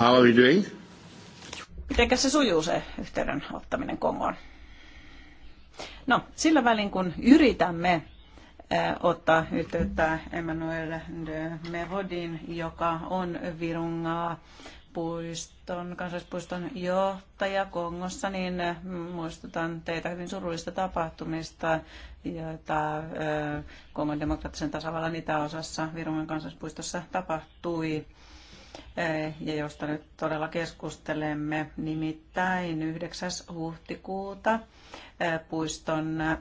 How are doing? Mitenkä se sujuu se yhteyden ottaminen Kongoon? No, sillä välin kun yritämme eh, ottaa yhteyttä Emmanuel de Merodin, joka on Virungaa puiston, kansallispuiston johtaja Kongossa, niin eh, muistutan teitä hyvin surullista tapahtumista, joita eh, Kongon demokraattisen tasavallan itäosassa Virungan kansallispuistossa tapahtui. Eh, ja josta nyt todella keskustelemme, nimittäin 9. huhtikuuta eh, puiston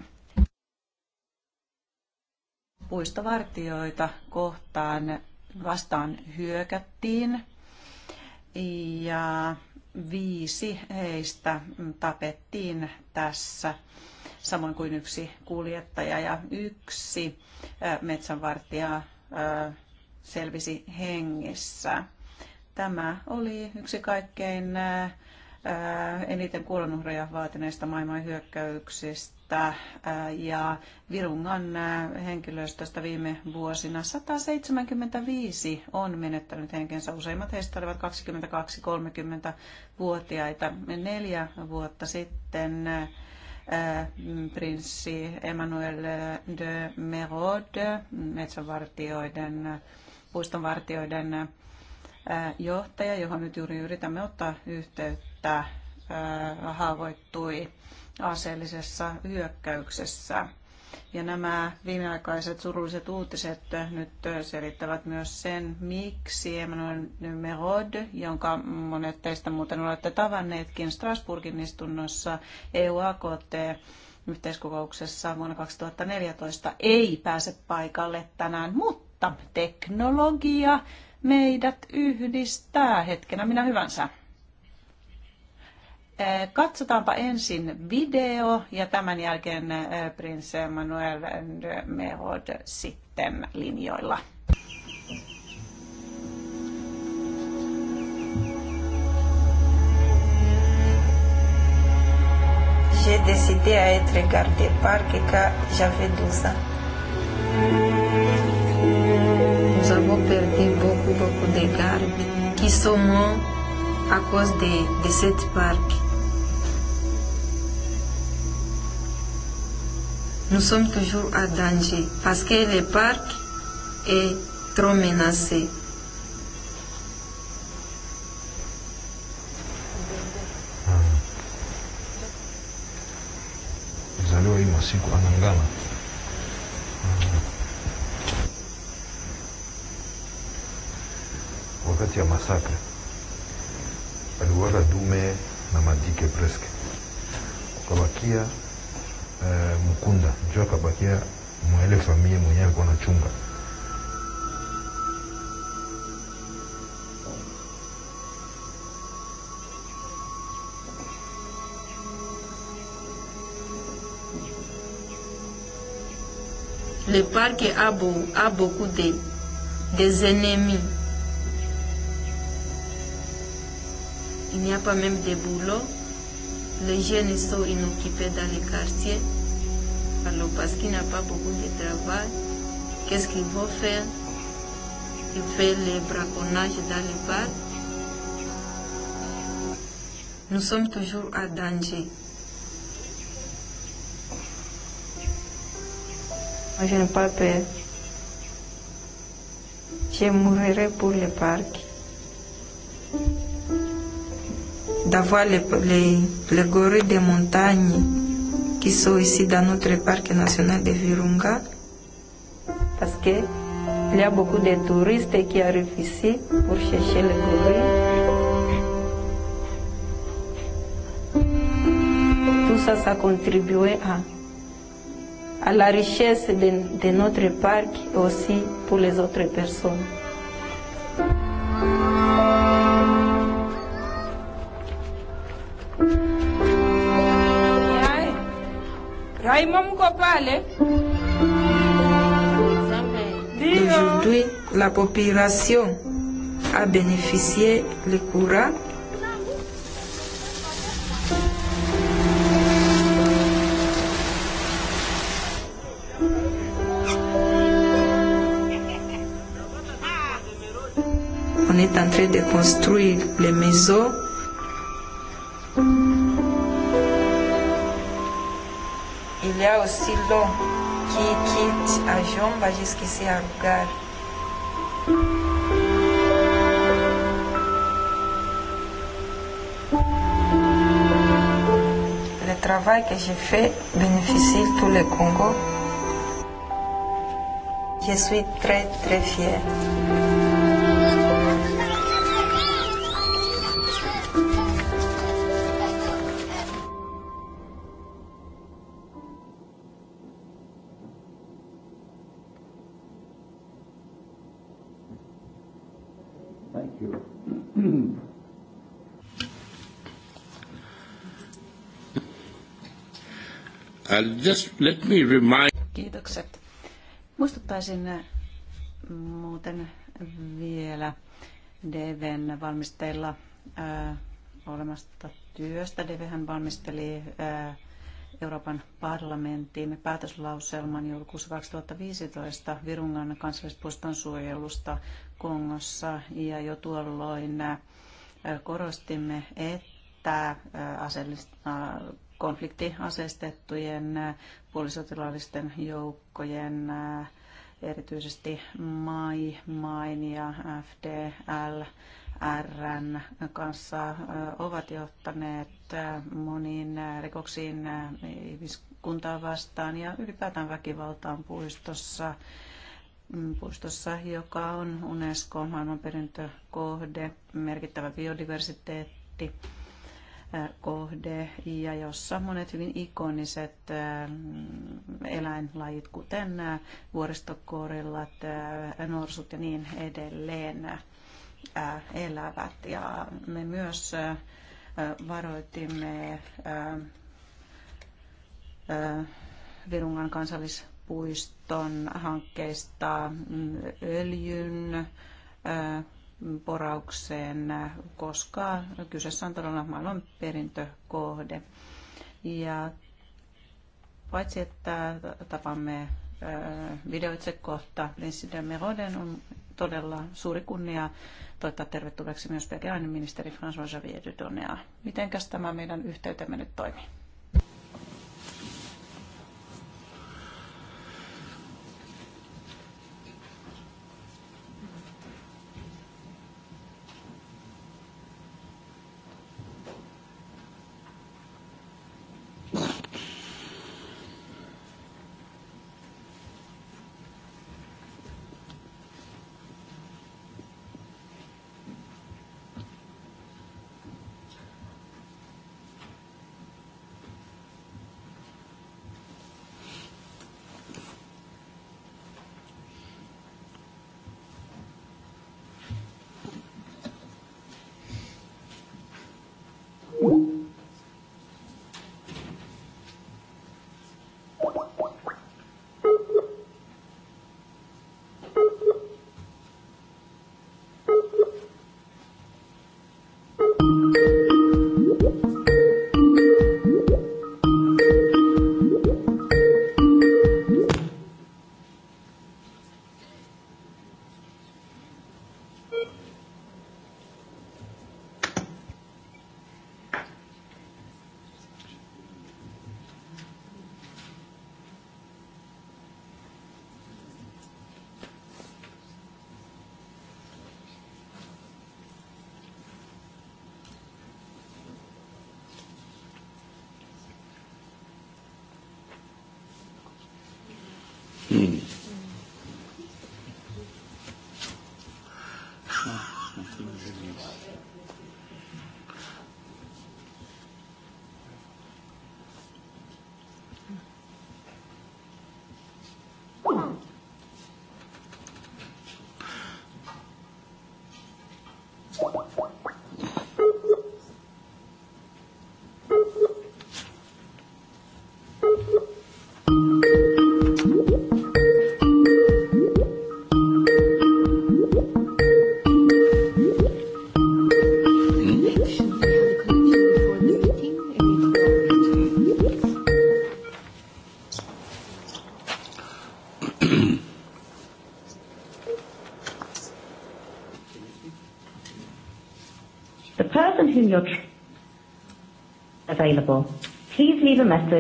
puistovartioita kohtaan vastaan hyökättiin ja viisi heistä tapettiin tässä, samoin kuin yksi kuljettaja ja yksi eh, metsänvartija selvisi hengissä. Tämä oli yksi kaikkein äh, eniten kuolonuhreja vaatineista maailman hyökkäyksistä äh, ja Virungan äh, henkilöstöstä viime vuosina 175 on menettänyt henkensä. Useimmat heistä olivat 22-30-vuotiaita. Neljä vuotta sitten mm, prinssi Emmanuel de Merode, metsänvartijoiden, puistonvartijoiden johtaja, johon nyt juuri yritämme ottaa yhteyttä, haavoittui aseellisessa hyökkäyksessä. Ja nämä viimeaikaiset surulliset uutiset nyt selittävät myös sen, miksi Emmanuel Merod, jonka monet teistä muuten olette tavanneetkin Strasbourgin istunnossa EU-AKT, yhteiskokouksessa vuonna 2014 ei pääse paikalle tänään, mutta teknologia meidät yhdistää hetkenä minä hyvänsä. Katsotaanpa ensin video ja tämän jälkeen Prince Manuel de Merod sitten linjoilla. j'ai décidé à être gardée par Kika j'avais vou perder beaucoup, beaucoup de gardes qui sont morts à cause de, de cette parc. Nous sommes toujours à danger parce que le parc est trop menacé. Mzaliwa организация массакра. Agora dume na mandike preske. Ukabakia eh, Mkunda, njoo akabakia mwaele familia mwenyewe alikuwa anachunga Le parc a beaucoup de, des ennemis. Il n'y a pas même de boulot. Les jeunes sont inoccupés dans les quartiers. Alors parce qu'il n'y a pas beaucoup de travail, qu'est-ce qu'ils vont faire Ils font les braconnages dans les bars. Nous sommes toujours à danger. Moi, je n'ai pas peur. Je mourrai pour le parc. d'avoir les, les, les gorilles des montagnes qui sont ici dans notre parc national de Virunga. Parce que il y a beaucoup de touristes qui arrivent ici pour chercher les gorilles. Tout ça, ça contribuait à, à la richesse de, de notre parc et aussi pour les autres personnes. Ay, mom ko pale. D'aujourd'hui, la population a bénéficié le courant On est en train de construire les maisons aussi oscilou qui quitte a va jusqu'ici à lugar. Le travail que j'ai fait bénéficie tout le Congo. Je suis très très fière. just let me remind... Kiitokset. Muistuttaisin äh, muuten vielä Deven valmisteilla äh, olemasta työstä. DVhän valmisteli äh, Euroopan parlamentin päätöslauselman joulukuussa 2015 Virungan kansallispuiston suojelusta Kongossa ja jo tuolloin äh, korostimme, että äh, aseellista konfliktiaseistettujen puolisotilaallisten joukkojen, erityisesti MAI, MAIN ja FDL, RN kanssa ovat johtaneet moniin rikoksiin ihmiskuntaa vastaan ja ylipäätään väkivaltaan puistossa, mm, puistossa joka on UNESCO maailmanperintökohde, merkittävä biodiversiteetti kohde ja jossa monet hyvin ikoniset eh, eläinlajit, kuten eh, vuoristokorillat, eh, norsut ja niin edelleen, elävät. Ja me myös varoitimme Virungan kansallispuiston hankkeista mm, öljyn poraukseen, koska kyseessä on todella maailman perintökohde. Ja paitsi että tapamme äh, videoitse kohta, Vincent de Meroden on todella suuri kunnia toivottaa tervetulleeksi myös belgialainen ministeri François Javier Dudonea. Mitenkäs tämä meidän yhteytemme nyt toimii?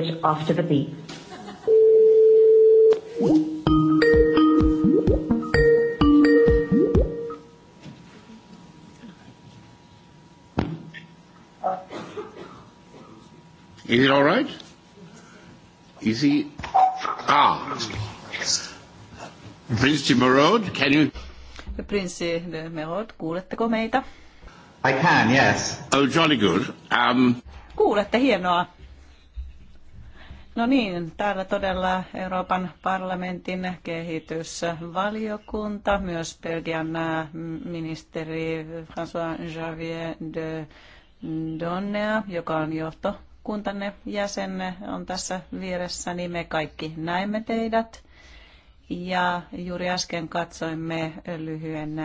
message after the beep. Is it all right? Is he? Ah. Prince de Merode, can you? Prince de Merode, kuuletteko meitä? I can, yes. Oh, jolly good. Um... Kuulette, hienoa. No niin, täällä todella Euroopan parlamentin kehitysvaliokunta, myös Belgian ministeri François Javier de Donnea, joka on johtokuntanne jäsenne, on tässä vieressä, niin me kaikki näemme teidät. Ja juuri äsken katsoimme lyhyen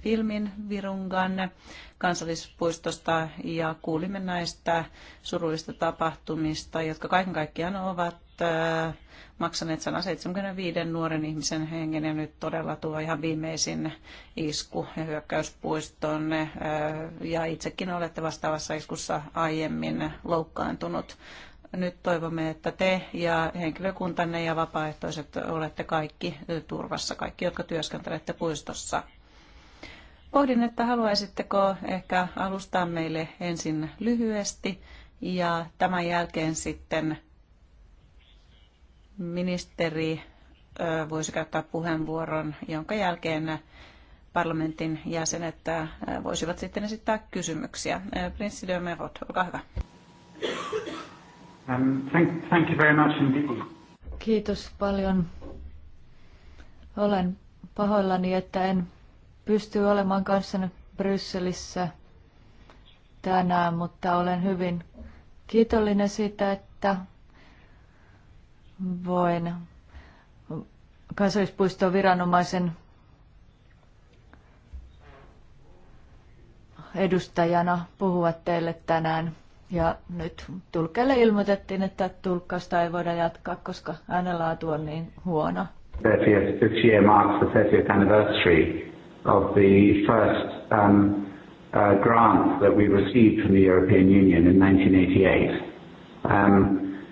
filmin Virungan kansallispuistosta ja kuulimme näistä surullista tapahtumista, jotka kaiken kaikkiaan ovat äh, maksaneet 175 nuoren ihmisen hengen ja nyt todella tuo ihan viimeisin isku ja hyökkäyspuiston. Äh, ja itsekin olette vastaavassa iskussa aiemmin loukkaantunut. Nyt toivomme, että te ja henkilökuntanne ja vapaaehtoiset olette kaikki äh, turvassa, kaikki jotka työskentelette puistossa. Pohdin, että haluaisitteko ehkä alustaa meille ensin lyhyesti ja tämän jälkeen sitten ministeri voisi käyttää puheenvuoron, jonka jälkeen parlamentin jäsenet voisivat sitten esittää kysymyksiä. Prinssi de Merod, olkaa hyvä. Um, thank, thank you very much Kiitos paljon. Olen pahoillani, että en pystyy olemaan kanssani Brysselissä tänään, mutta olen hyvin kiitollinen siitä, että voin kansallispuiston viranomaisen edustajana puhua teille tänään. Ja nyt tulkelle ilmoitettiin, että tulkkausta ei voida jatkaa, koska äänenlaatu on niin huono. 30th, 50 year marks the 30th anniversary of the first um, uh, grant that we received from the European Union in 1988. Um,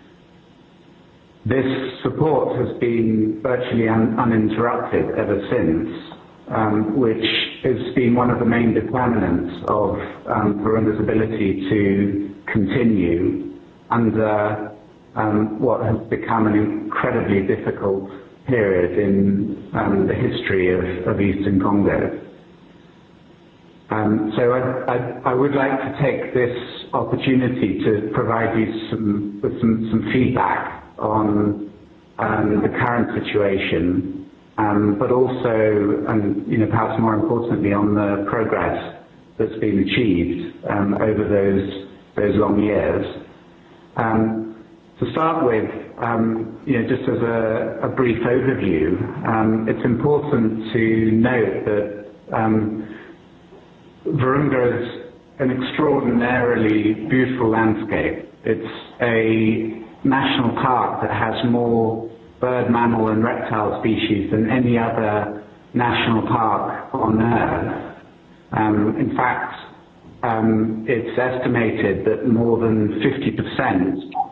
this support has been virtually uninterrupted ever since, um, which has been one of the main determinants of Burundi's ability to continue under what has become an incredibly difficult period in um, the history of of Eastern Congo. Um, so I I would like to take this opportunity to provide you some with some some feedback on um, the current situation, but also, and you know perhaps more importantly, on the progress that's been achieved over those long years. To start with, um, just as a brief overview, um, it's important to note that um, Virunga is an extraordinarily beautiful landscape. It's a national park that has more bird, mammal, and reptile species than any other national park on Earth. In fact, it's estimated that more than 50%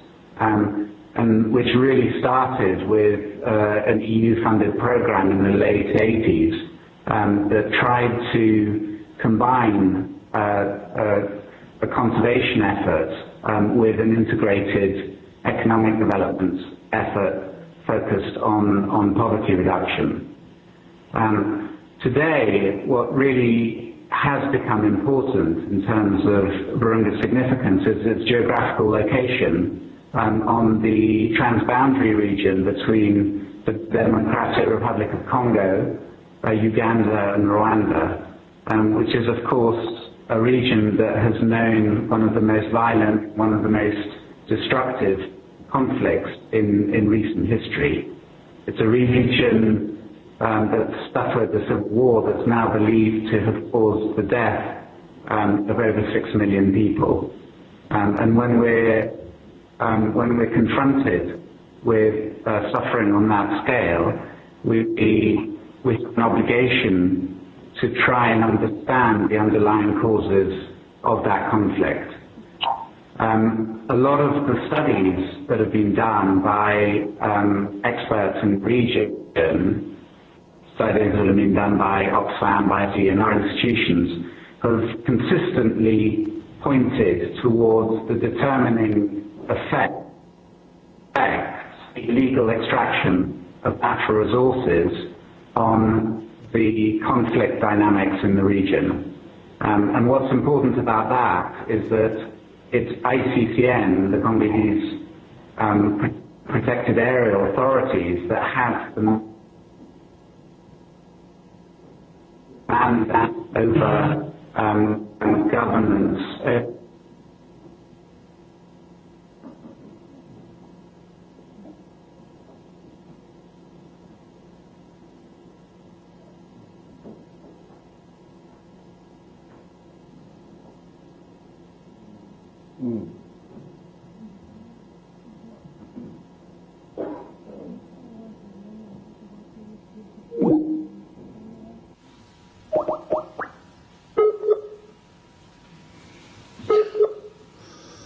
um, and um, which really started with uh, an EU-funded program in the late 80s um, that tried to combine uh, a, uh, a conservation effort um, with an integrated economic development effort focused on, on poverty reduction. Um, today, what really has become important in terms of Burundi's significance is its geographical location um, on the transboundary region between the Democratic Republic of Congo, uh, Uganda, and Rwanda, um, which is, of course, a region that has known one of the most violent, one of the most destructive conflicts in, in recent history. It's a region um, that suffered the civil war that's now believed to have caused the death um, of over six million people. Um, and when we're um, when we're confronted with uh, suffering on that scale, we, be with an obligation to try and understand the underlying causes of that conflict. Um, a lot of the studies that have been done by um, experts in region, studies that have been done by Oxfam, by the and our institutions, have consistently pointed towards the determining affect the illegal extraction of natural resources on the conflict dynamics in the region. Um, and what's important about that is that it's ICCN, the Congolese um, protected area authorities, that have the mandate over um, governance Mm.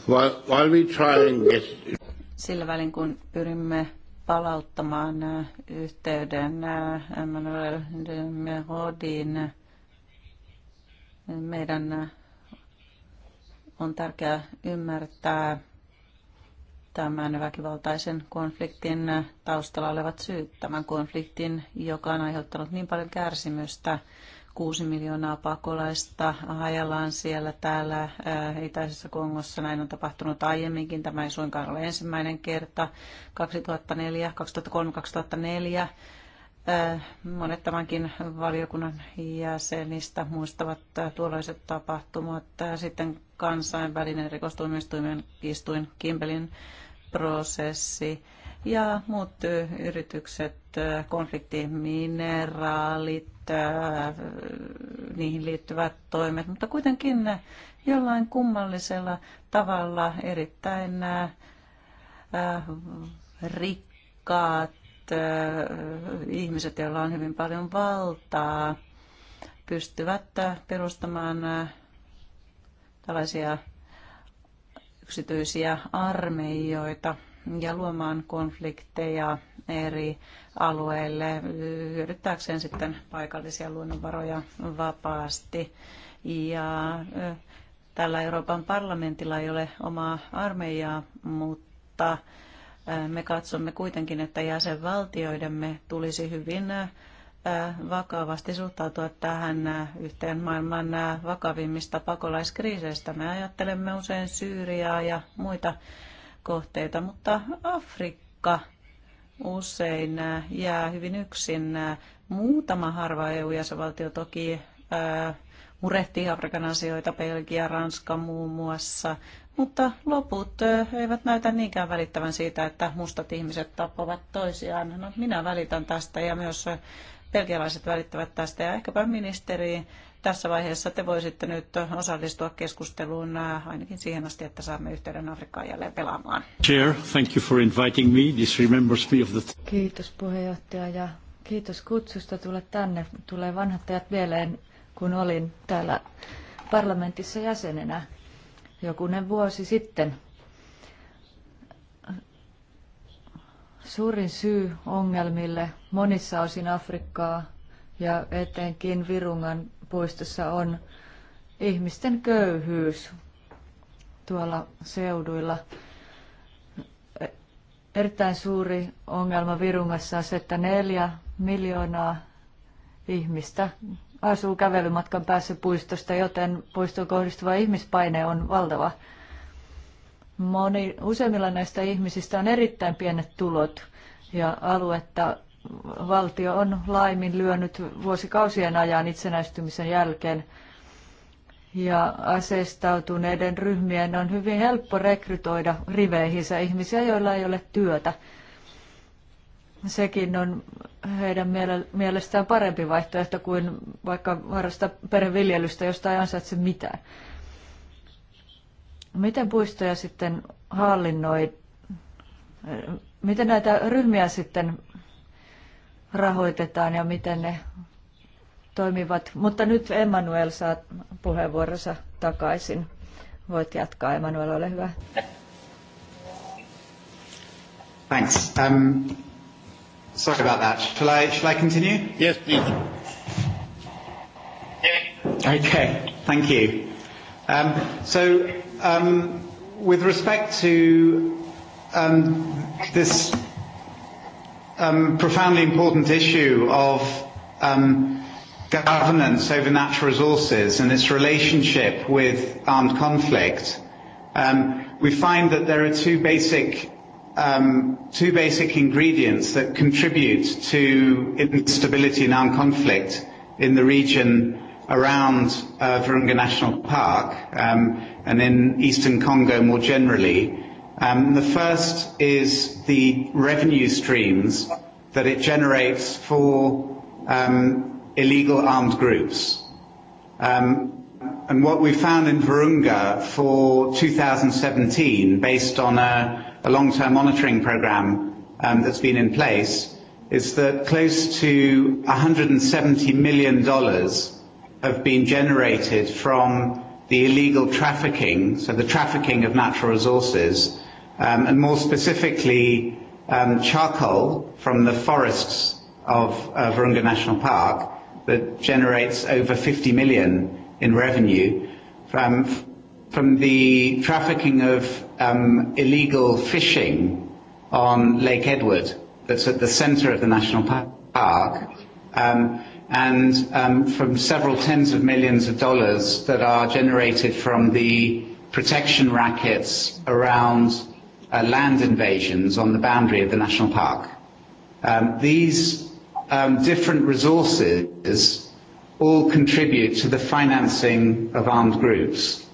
while we try and get... Sillä välin kun pyrimme palauttamaan äh, yhteyden äh, Emmanuel de Merodin äh, meidän on tärkeää ymmärtää tämän väkivaltaisen konfliktin taustalla olevat syyt. Tämän konfliktin, joka on aiheuttanut niin paljon kärsimystä, kuusi miljoonaa pakolaista hajallaan siellä täällä Itäisessä Kongossa. Näin on tapahtunut aiemminkin. Tämä ei suinkaan ole ensimmäinen kerta. 2004, 2003, 2004 Äh, monet tämänkin valiokunnan jäsenistä muistavat äh, tuollaiset tapahtumat. Äh, sitten kansainvälinen rikostuomioistuimen kiistuin Kimbelin prosessi ja muut yritykset, konfliktimineraalit, niihin liittyvät toimet, mutta kuitenkin jollain kummallisella tavalla erittäin rikkaat ihmiset, joilla on hyvin paljon valtaa, pystyvät perustamaan tällaisia yksityisiä armeijoita ja luomaan konflikteja eri alueille hyödyttääkseen sitten paikallisia luonnonvaroja vapaasti. Ja tällä Euroopan parlamentilla ei ole omaa armeijaa, mutta me katsomme kuitenkin, että jäsenvaltioidemme tulisi hyvin vakavasti suhtautua tähän yhteen maailman vakavimmista pakolaiskriiseistä. Me ajattelemme usein Syyriaa ja muita kohteita, mutta Afrikka usein jää hyvin yksin. Muutama harva EU-jäsenvaltio toki murehtii Afrikan asioita, Belgia, Ranska muun muassa, mutta loput eivät näytä niinkään välittävän siitä, että mustat ihmiset tappavat toisiaan. No, minä välitän tästä ja myös pelkialaiset välittävät tästä ja ehkäpä ministeri tässä vaiheessa te voisitte nyt osallistua keskusteluun ainakin siihen asti, että saamme yhteyden Afrikkaan jälleen pelaamaan. Chair, thank you for inviting me. This remembers me of the... Kiitos puheenjohtaja ja kiitos kutsusta tulla tänne. Tulee vanhat ajat mieleen, kun olin täällä parlamentissa jäsenenä jokunen vuosi sitten. Suurin syy ongelmille monissa osin Afrikkaa ja etenkin Virungan puistossa on ihmisten köyhyys tuolla seuduilla. Erittäin suuri ongelma Virungassa on se, että neljä miljoonaa ihmistä asuu kävelymatkan päässä puistosta, joten puistoon kohdistuva ihmispaine on valtava. Moni, useimmilla näistä ihmisistä on erittäin pienet tulot ja aluetta valtio on laiminlyönyt vuosikausien ajan itsenäistymisen jälkeen. Ja aseistautuneiden ryhmien on hyvin helppo rekrytoida riveihinsä ihmisiä, joilla ei ole työtä sekin on heidän mielestään parempi vaihtoehto kuin vaikka harrastaa perheviljelystä, josta ei ansaitse mitään. Miten puistoja sitten hallinnoi? Miten näitä ryhmiä sitten rahoitetaan ja miten ne toimivat? Mutta nyt Emmanuel saa puheenvuoronsa takaisin. Voit jatkaa, Emmanuel, ole hyvä. Thanks. Um, Sorry about that. Shall I, shall I continue? Yes, please. Okay, thank you. Um, so, um, with respect to um, this um, profoundly important issue of um, governance over natural resources and its relationship with armed conflict, um, we find that there are two basic Um, two basic ingredients that contribute to instability and armed conflict in the region around uh, Virunga National Park um, and in eastern Congo more generally. Um, the first is the revenue streams that it generates for um, illegal armed groups. Um, and what we found in Virunga for 2017, based on a a long-term monitoring program um, that's been in place is that close to $170 million have been generated from the illegal trafficking, so the trafficking of natural resources, um, and more specifically, um, charcoal from the forests of uh, Virunga National Park that generates over 50 million in revenue from, from the trafficking of um, illegal fishing on Lake Edward that's at the centre of the national park um, and um, from several tens of millions of dollars that are generated from the protection rackets around uh, land invasions on the boundary of the national park. Um, these um, different resources all contribute to the financing of armed groups.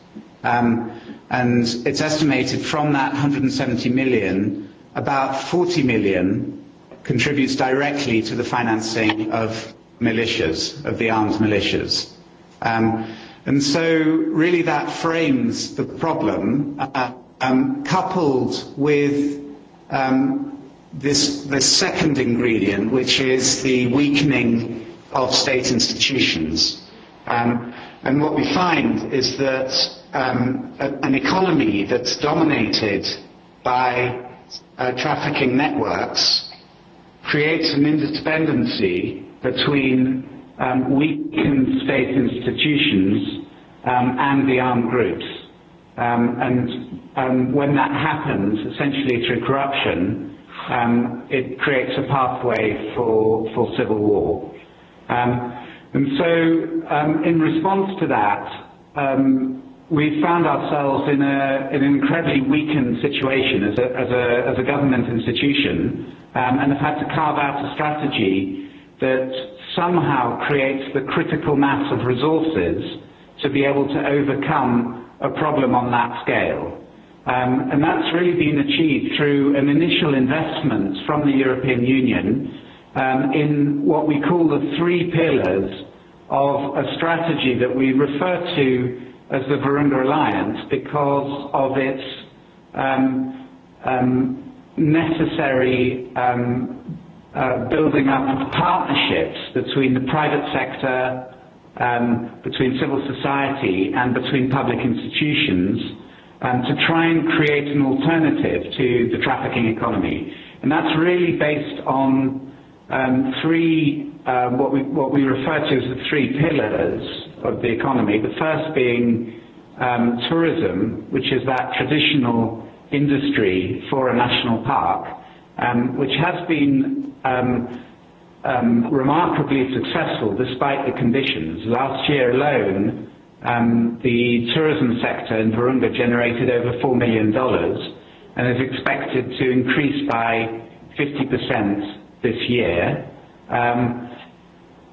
Um, and it's estimated from that 170 million, about 40 million contributes directly to the financing of militias, of the armed militias. Um, and so really that frames the problem, uh, um, coupled with um, this, this second ingredient, which is the weakening of state institutions. Um, and what we find is that um, a, an economy that's dominated by uh, trafficking networks creates an interdependency between um, weakened state institutions um, and the armed groups. Um, and um, when that happens, essentially through corruption, um, it creates a pathway for, for civil war. Um, and so, um, in response to that, um, we found ourselves in a, an incredibly weakened situation as a, as a, as a government institution um, and have had to carve out a strategy that somehow creates the critical mass of resources to be able to overcome a problem on that scale. Um, and that's really been achieved through an initial investment from the European Union um, in what we call the three pillars of a strategy that we refer to as the Virunga Alliance because of its um, um, necessary um, uh, building up of partnerships between the private sector, um, between civil society, and between public institutions um, to try and create an alternative to the trafficking economy. And that's really based on um, three, uh, what, we, what we refer to as the three pillars of the economy. The first being um, tourism, which is that traditional industry for a national park, um, which has been um, um, remarkably successful despite the conditions. Last year alone, um, the tourism sector in Virunga generated over $4 million and is expected to increase by 50% this year. Um,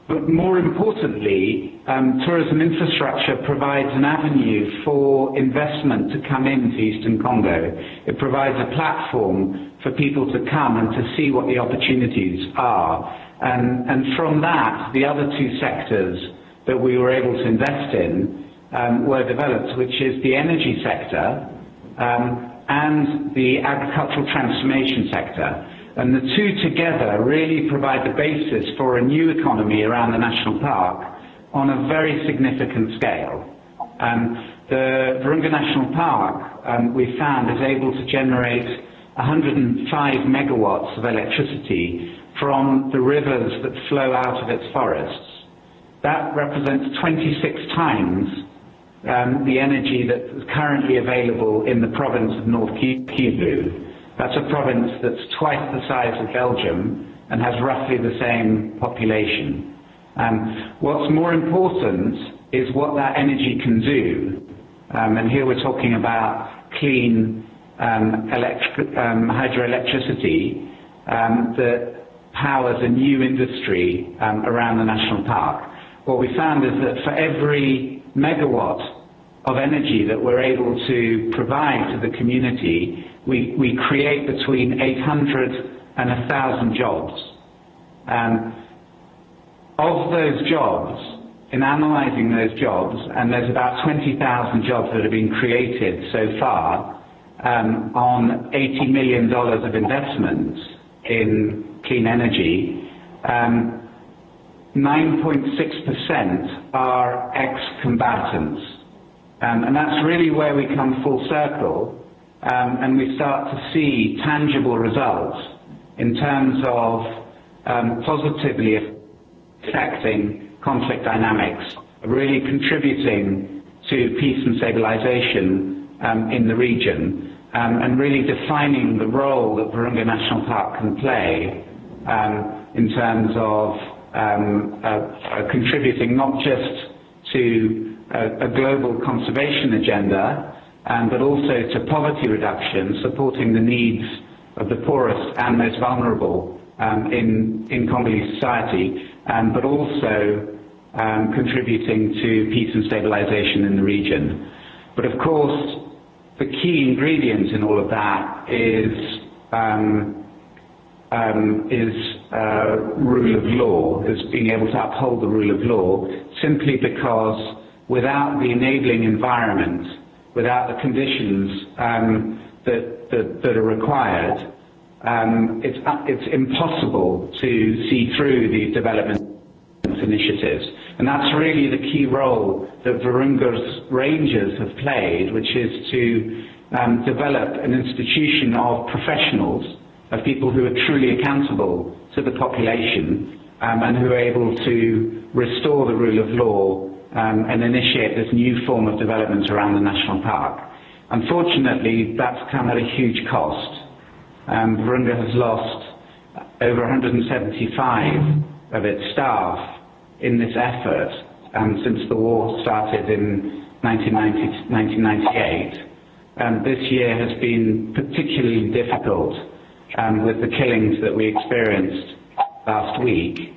But More importantly, um, tourism infrastructure provides an avenue for investment to come into Eastern Congo. It provides a platform for people to come and to see what the opportunities are. And From that, the other two sectors that we were able to invest in um, were developed, which is the energy sector um, and the agricultural transformation sector and the two together really provide the basis for a new economy around the national park on a very significant scale. Um, the Virunga National Park, um, we found, is able to generate 105 megawatts of electricity from the rivers that flow out of its forests. That represents 26 times um, the energy that is currently available in the province of North Kivu. That's a province that's twice the size of Belgium and has roughly the same population. Um, what's more important is what that energy can do. Um, and here we're talking about clean um, um, hydroelectricity um, that powers a new industry um, around the national park. What we found is that for every megawatt of energy that we're able to provide to the community, we create between 800 and 1,000 jobs. Um, of those jobs, in analyzing those jobs, and there's about 20,000 jobs that have been created so far, um, on $80 million of investments in clean energy, 9.6% um, are ex-combatants. That's really where we come full circle Um, and we start to see tangible results in terms of um, positively affecting conflict dynamics, really contributing to peace and stabilization um, in the region, and really defining the role that Virunga National Park can play in terms of uh, uh, contributing not just to a global conservation agenda, but also to poverty reduction, supporting the needs of the poorest and most vulnerable um, in Congolese society, um, but also um, contributing to peace and stabilization in the region. Of course, the key ingredient in all of that is uh, rule of law, is being able to uphold the rule of law, simply because without the enabling environment without the conditions um, that are required, um, it's impossible to see through these development initiatives. And That's really the key role that Virunga's rangers have played, which is to um, develop an institution of professionals, of people who are truly accountable to the population, and who are able to restore the rule of law um, and initiate this new form of development around the national park. Unfortunately, that's come at a huge cost. Um, Virunga has lost over 175 of its staff in this effort um, since the war started in 1990, 1998. Um, this year has been particularly difficult um, with the killings that we experienced last week.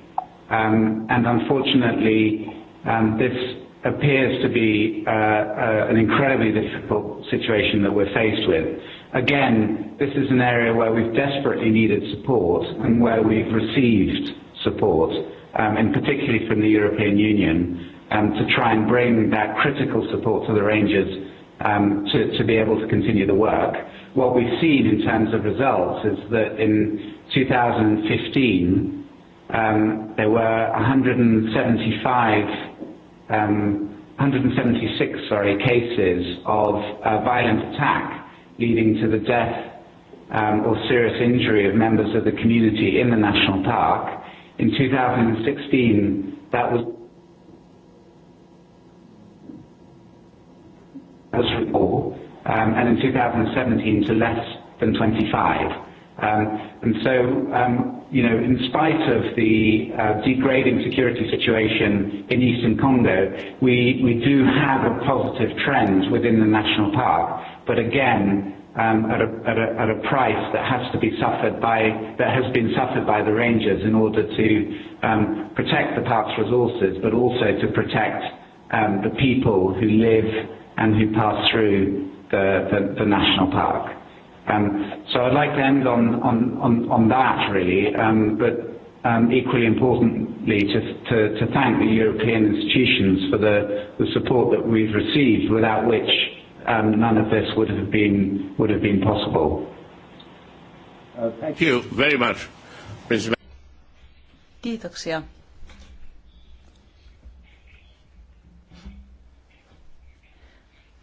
Um, and unfortunately, Um, this appears to be uh, uh, an incredibly difficult situation that we're faced with. Again, this is an area where we've desperately needed support and where we've received support, um, and particularly from the European Union, um, to try and bring that critical support to the rangers to be able to continue the work. What we've seen in terms of results is that in 2015, there were 175 um, 176 sorry, cases of uh, violent attack leading to the death um, or serious injury of members of the community in the national park. In 2016, that was um, and in 2017 to less than 25. Um, and so um, in spite of the uh, degrading security situation in Eastern Congo, we do have a positive trend within the national park, but again, um, at a price that has been suffered by the rangers in order to um, protect the park's resources, but also to protect um, the people who live and who pass through the national park. Um, so I'd like to end on, on, on, on that really, um, but um, equally importantly to, to, to thank the European institutions for the, the support that we've received without which um, none of this would have been, would have been possible. Uh, thank you very much. Kiitoksia.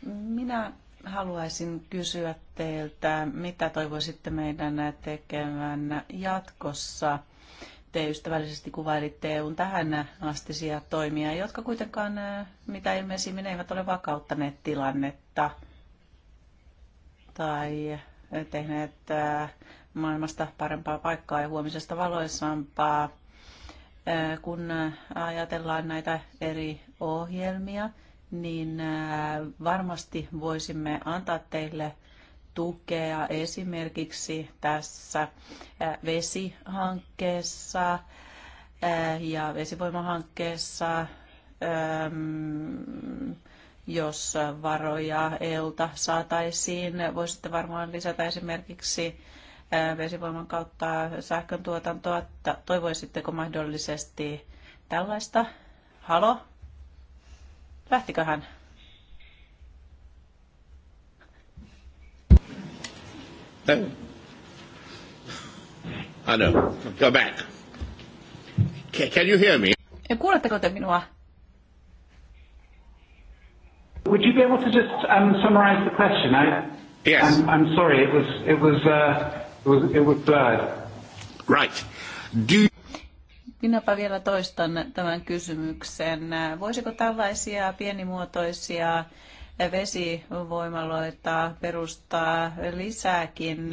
Minä haluaisin kysyä teiltä, mitä toivoisitte meidän tekemään jatkossa? Te ystävällisesti kuvailitte EUn tähän astisia toimia, jotka kuitenkaan mitä ilmeisimmin eivät ole vakauttaneet tilannetta tai tehneet maailmasta parempaa paikkaa ja huomisesta valoisampaa. Kun ajatellaan näitä eri ohjelmia, niin äh, varmasti voisimme antaa teille tukea esimerkiksi tässä äh, vesihankkeessa äh, ja vesivoimahankkeessa, ähm, jos varoja EUlta saataisiin. Voisitte varmaan lisätä esimerkiksi vesivoiman kautta sähkön tuotantoa. Toivoisitteko mahdollisesti tällaista? Halo? Lähtikö hän? No. Eh. I know. Go back. Can you hear me? Ja kuuletteko te minua? Would you be able to just um, summarize the question? I, yes. I'm, I'm sorry, it was, it was, uh, it was, it was blurred. Right. Do you... Minäpä vielä toistan tämän kysymyksen. Voisiko tällaisia pienimuotoisia vesivoimaloita perustaa lisääkin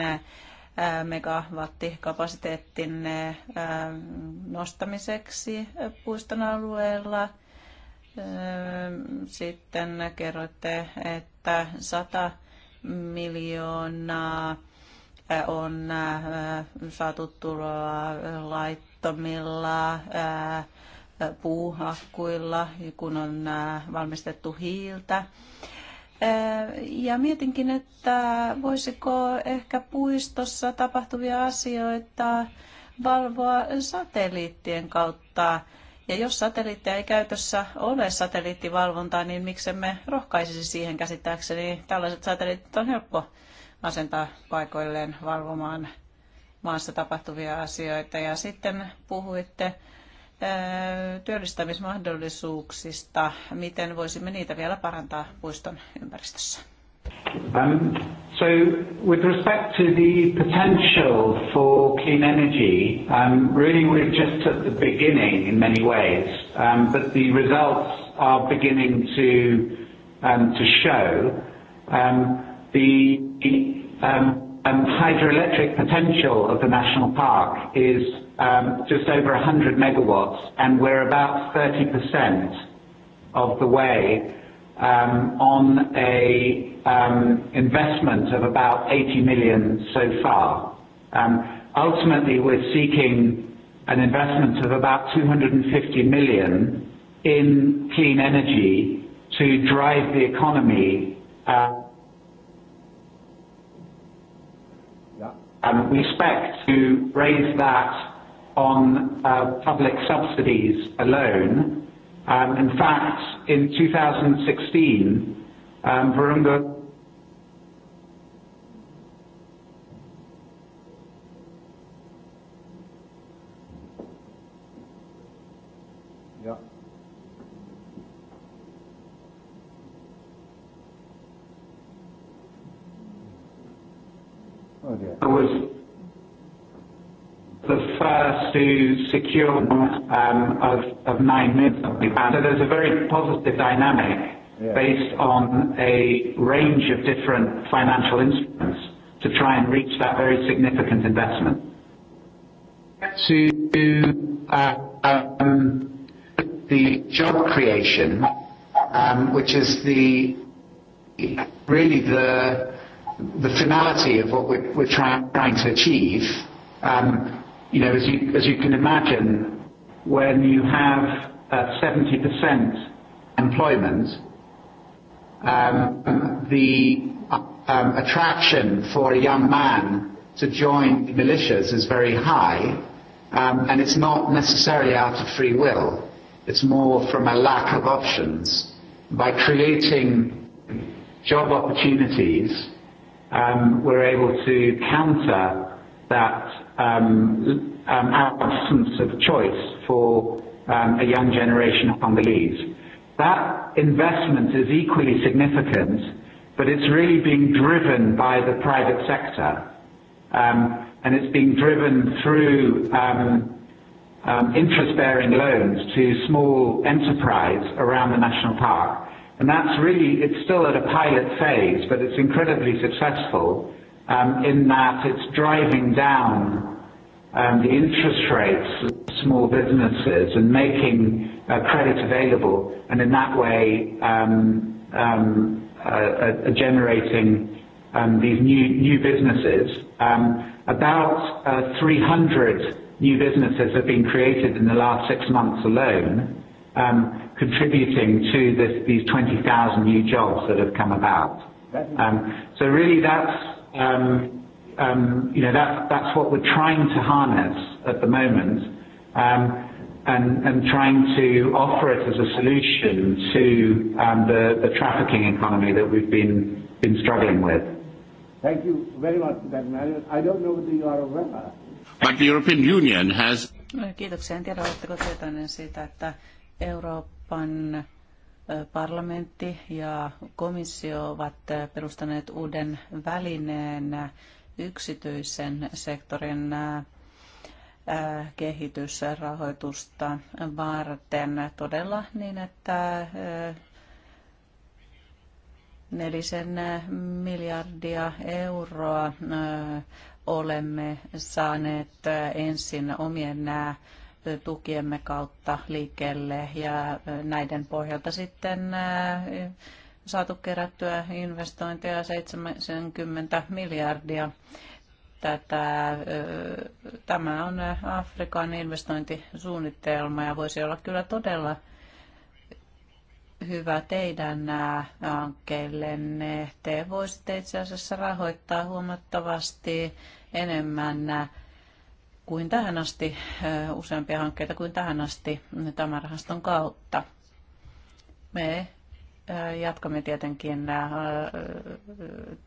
megawattikapasiteettin nostamiseksi puiston alueella? Sitten kerroitte, että 100 miljoonaa on äh, saatu tuloa laittomilla äh, puuhakkuilla, kun on äh, valmistettu hiiltä. Ja mietinkin, että voisiko ehkä puistossa tapahtuvia asioita valvoa satelliittien kautta. Ja jos satelliittia ei käytössä ole satelliittivalvontaa, niin miksemme rohkaisisi siihen käsittääkseni. Tällaiset satelliitit on helppo asentaa paikoilleen valvomaan maassa tapahtuvia asioita. Ja sitten puhuitte äh, työllistämismahdollisuuksista. Miten voisimme niitä vielä parantaa puiston ympäristössä? Um, so with respect to the potential for clean energy, um, really we're just at the beginning in many ways, um, but the results are beginning to um, to show. Um, the um, um, hydroelectric potential of the national park is um, just over 100 megawatts, and we're about 30% of the way um, on a um, investment of about 80 million so far. Um, ultimately, we're seeking an investment of about 250 million in clean energy to drive the economy uh, Um, we expect to raise that on uh, public subsidies alone. Um, in fact, in 2016, um, Virunga Oh dear. I was the first to secure um, of, of nine minutes So there's a very positive dynamic yeah. based on a range of different financial instruments to try and reach that very significant investment. To uh, um, the job creation, um, which is the really the the finality of what we're, we're try, trying to achieve, um, you know, as you, as you can imagine, when you have uh, 70% employment, um, the um, attraction for a young man to join the militias is very high, um, and it's not necessarily out of free will. It's more from a lack of options. By creating job opportunities Um, we're able to counter that um, um, absence of choice for a young generation of Congolese. That investment is equally significant, but it's really being driven by the private sector. and It's being driven through interest-bearing loans to small enterprise around the national park. That's really, it's still at a pilot phase, but it's incredibly successful um, in that it's driving down um, the interest rates of small businesses and making uh, credit available, and in that way, um, uh, uh, generating these new businesses. About 300 new businesses have been created in the last six months alone contributing to these 20,000 new jobs that have come about. Um, really that's um, um, you know that's what we're trying to harness at the moment, and trying to offer it as a solution to the trafficking economy that we've been struggling with. Thank you very much for that. I don't know whether you are aware. The European Union has- Kiitoksia. En tiedä, oletteko tietoinen siitä, että Euroopan parlamentti ja komissio ovat perustaneet uuden välineen yksityisen sektorin kehitysrahoitusta varten todella niin, että nelisen miljardia euroa olemme saaneet ensin omien tukiemme kautta liikkeelle ja näiden pohjalta sitten äh, saatu kerättyä investointeja 70 miljardia. Tätä, äh, tämä on Afrikan investointisuunnitelma ja voisi olla kyllä todella hyvä teidän äh, hankkeillenne. Te voisitte itse asiassa rahoittaa huomattavasti enemmän kuin tähän asti, useampia hankkeita kuin tähän asti tämän rahaston kautta. Me jatkamme tietenkin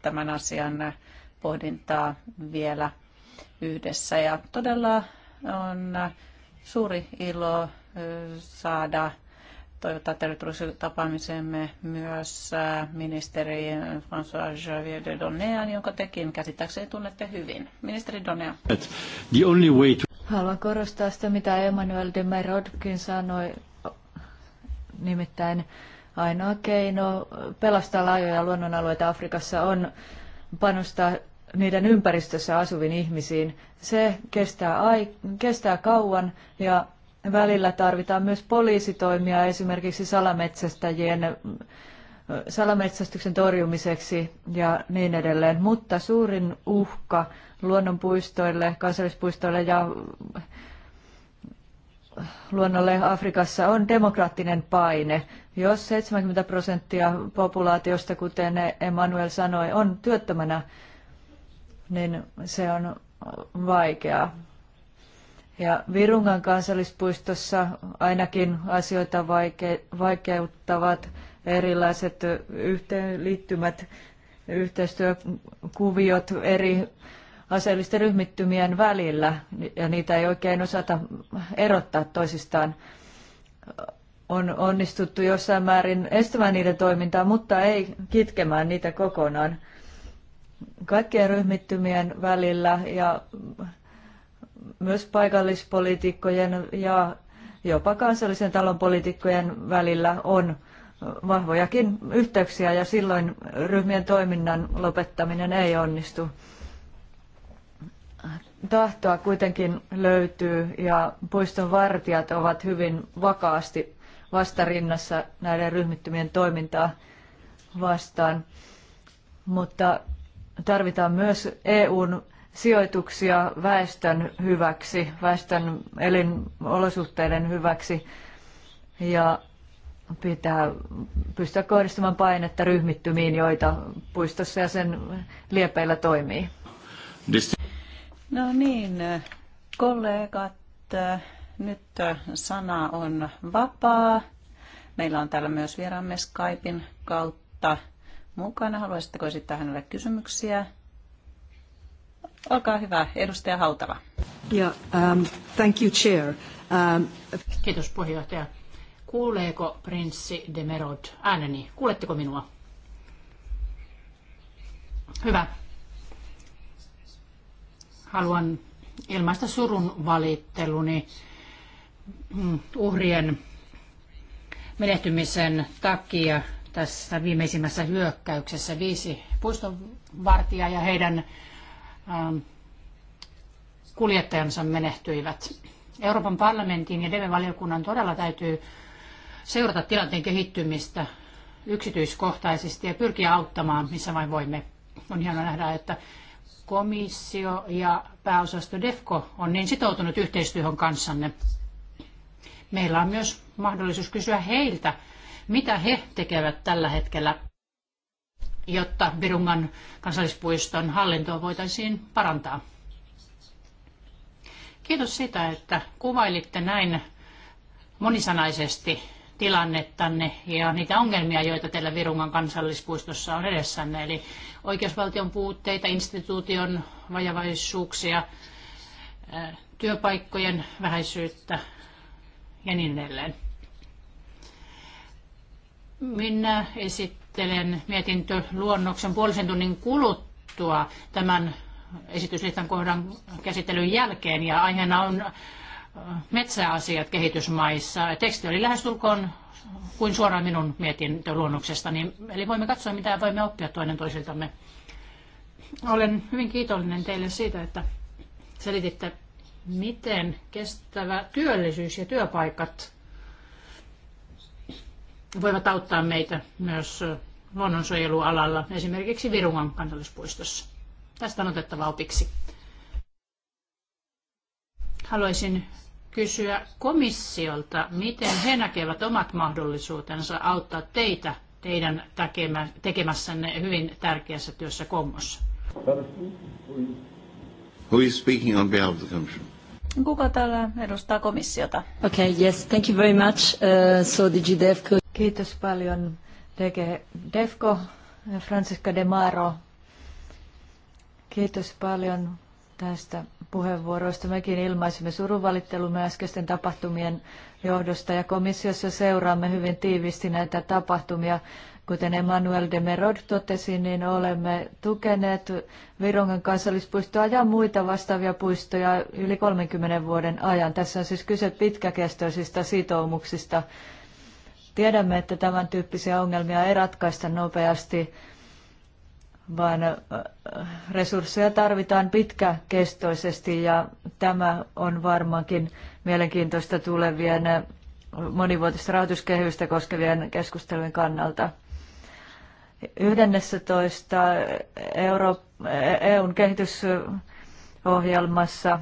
tämän asian pohdintaa vielä yhdessä. Ja todella on suuri ilo saada toivottaa tervetulleeksi tapaamisemme myös äh, ministeri François-Javier de Donean, jonka tekin käsittääkseni tunnette hyvin. Ministeri Donnea. The only way to... Haluan korostaa sitä, mitä Emmanuel de Merodkin sanoi, nimittäin ainoa keino pelastaa laajoja luonnonalueita Afrikassa on panostaa niiden ympäristössä asuviin ihmisiin. Se kestää, ai- kestää kauan ja Välillä tarvitaan myös poliisitoimia esimerkiksi salametsästäjien salametsästyksen torjumiseksi ja niin edelleen. Mutta suurin uhka luonnonpuistoille, kansallispuistoille ja luonnolle Afrikassa on demokraattinen paine. Jos 70 prosenttia populaatiosta, kuten Emmanuel sanoi, on työttömänä, niin se on vaikeaa. Ja Virungan kansallispuistossa ainakin asioita vaikeuttavat erilaiset yhteenliittymät, yhteistyökuviot eri aseellisten ryhmittymien välillä, ja niitä ei oikein osata erottaa toisistaan. On onnistuttu jossain määrin estämään niiden toimintaa, mutta ei kitkemään niitä kokonaan. Kaikkien ryhmittymien välillä ja myös paikallispoliitikkojen ja jopa kansallisen talon poliitikkojen välillä on vahvojakin yhteyksiä ja silloin ryhmien toiminnan lopettaminen ei onnistu. Tahtoa kuitenkin löytyy ja puiston vartijat ovat hyvin vakaasti vastarinnassa näiden ryhmittymien toimintaa vastaan. Mutta tarvitaan myös EUn sijoituksia väestön hyväksi, väestön elinolosuhteiden hyväksi ja pitää pystyä kohdistamaan painetta ryhmittymiin, joita puistossa ja sen liepeillä toimii. No niin, kollegat, nyt sana on vapaa. Meillä on täällä myös vieraamme Skypein kautta mukana. Haluaisitteko esittää hänelle kysymyksiä? Olkaa hyvä, edustaja Hautala. Ja, um, thank you, chair. Um... Kiitos puheenjohtaja. Kuuleeko prinssi de Merod ääneni? Kuuletteko minua? Hyvä. Haluan ilmaista surun valitteluni mm, uhrien menehtymisen takia tässä viimeisimmässä hyökkäyksessä viisi puistonvartijaa ja heidän Ähm, kuljettajansa menehtyivät. Euroopan parlamentin ja DEVE-valiokunnan todella täytyy seurata tilanteen kehittymistä yksityiskohtaisesti ja pyrkiä auttamaan, missä vain voimme. On hienoa nähdä, että komissio ja pääosasto DEFCO on niin sitoutunut yhteistyöhön kanssanne. Meillä on myös mahdollisuus kysyä heiltä, mitä he tekevät tällä hetkellä jotta Virungan kansallispuiston hallintoa voitaisiin parantaa. Kiitos sitä, että kuvailitte näin monisanaisesti tilannettanne ja niitä ongelmia, joita teillä Virungan kansallispuistossa on edessänne, eli oikeusvaltion puutteita, instituution vajavaisuuksia, työpaikkojen vähäisyyttä ja niin edelleen. Minä esittelen käsittelen mietintöluonnoksen puolisen tunnin kuluttua tämän esityslistan kohdan käsittelyn jälkeen ja aiheena on äh, metsäasiat kehitysmaissa. Teksti oli lähestulkoon kuin suoraan minun mietintöluonnoksestani, eli voimme katsoa, mitä voimme oppia toinen toisiltamme. Olen hyvin kiitollinen teille siitä, että selititte, miten kestävä työllisyys ja työpaikat voivat auttaa meitä myös luonnonsuojelualalla, esimerkiksi Virungan kansallispuistossa. Tästä on otettava opiksi. Haluaisin kysyä komissiolta, miten he näkevät omat mahdollisuutensa auttaa teitä teidän tekemä, tekemässänne hyvin tärkeässä työssä Kongossa. Who is speaking on behalf of the Commission? Kuka täällä edustaa komissiota? Okay, yes, thank you very much. Uh, so did DEFCO? Kiitos paljon DG DEFCO, Francisca De Maro. Kiitos paljon tästä puheenvuoroista. Mekin ilmaisimme surunvalittelumme äskeisten tapahtumien johdosta ja komissiossa seuraamme hyvin tiiviisti näitä tapahtumia Kuten Emmanuel de Merod totesi, niin olemme tukeneet Virongan kansallispuistoa ja muita vastaavia puistoja yli 30 vuoden ajan. Tässä on siis kyse pitkäkestoisista sitoumuksista. Tiedämme, että tämän tyyppisiä ongelmia ei ratkaista nopeasti, vaan resursseja tarvitaan pitkäkestoisesti ja tämä on varmaankin mielenkiintoista tulevien monivuotista rahoituskehystä koskevien keskustelujen kannalta. 11. Euro, EUn kehitysohjelmassa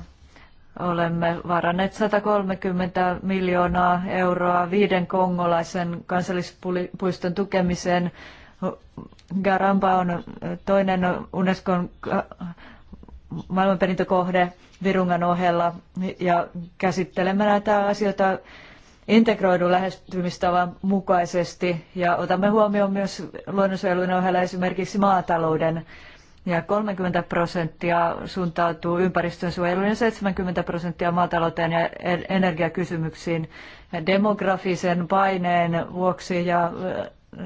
olemme varanneet 130 miljoonaa euroa viiden kongolaisen kansallispuiston tukemiseen. Garamba on toinen Unescon maailmanperintökohde Virungan ohella ja käsittelemme näitä asioita integroidun lähestymistavan mukaisesti ja otamme huomioon myös luonnonsuojelun ohella esimerkiksi maatalouden ja 30 prosenttia suuntautuu ympäristönsuojeluun ja 70 prosenttia maatalouteen ja energiakysymyksiin demografisen paineen vuoksi ja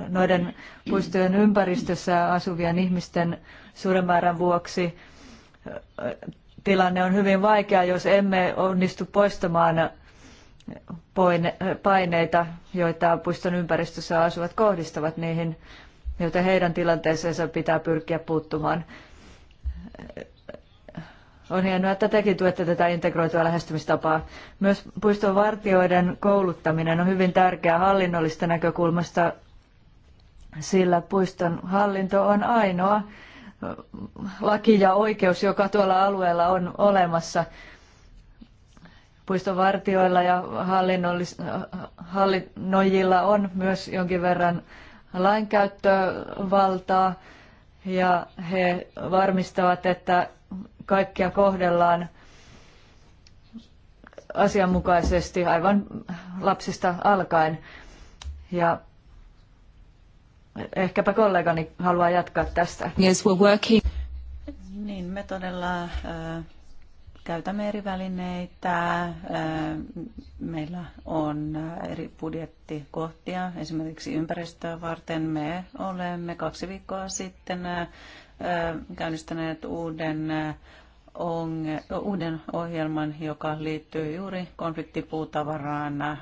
noiden puistojen ympäristössä asuvien ihmisten suuren määrän vuoksi tilanne on hyvin vaikea, jos emme onnistu poistamaan paineita, joita puiston ympäristössä asuvat kohdistavat niihin, joten heidän tilanteeseensa pitää pyrkiä puuttumaan. On hienoa, että tekin tuette tätä integroitua lähestymistapaa. Myös puiston vartioiden kouluttaminen on hyvin tärkeää hallinnollista näkökulmasta, sillä puiston hallinto on ainoa laki ja oikeus, joka tuolla alueella on olemassa puistovartioilla ja hallinnollis- hallinnoijilla on myös jonkin verran lainkäyttövaltaa ja he varmistavat, että kaikkia kohdellaan asianmukaisesti aivan lapsista alkaen. Ja ehkäpä kollegani haluaa jatkaa tästä. Yes, we're working. Niin, me todella äh, käytämme eri välineitä. Meillä on eri budjettikohtia. Esimerkiksi ympäristöä varten me olemme kaksi viikkoa sitten käynnistäneet uuden uuden ohjelman, joka liittyy juuri konfliktipuutavaraan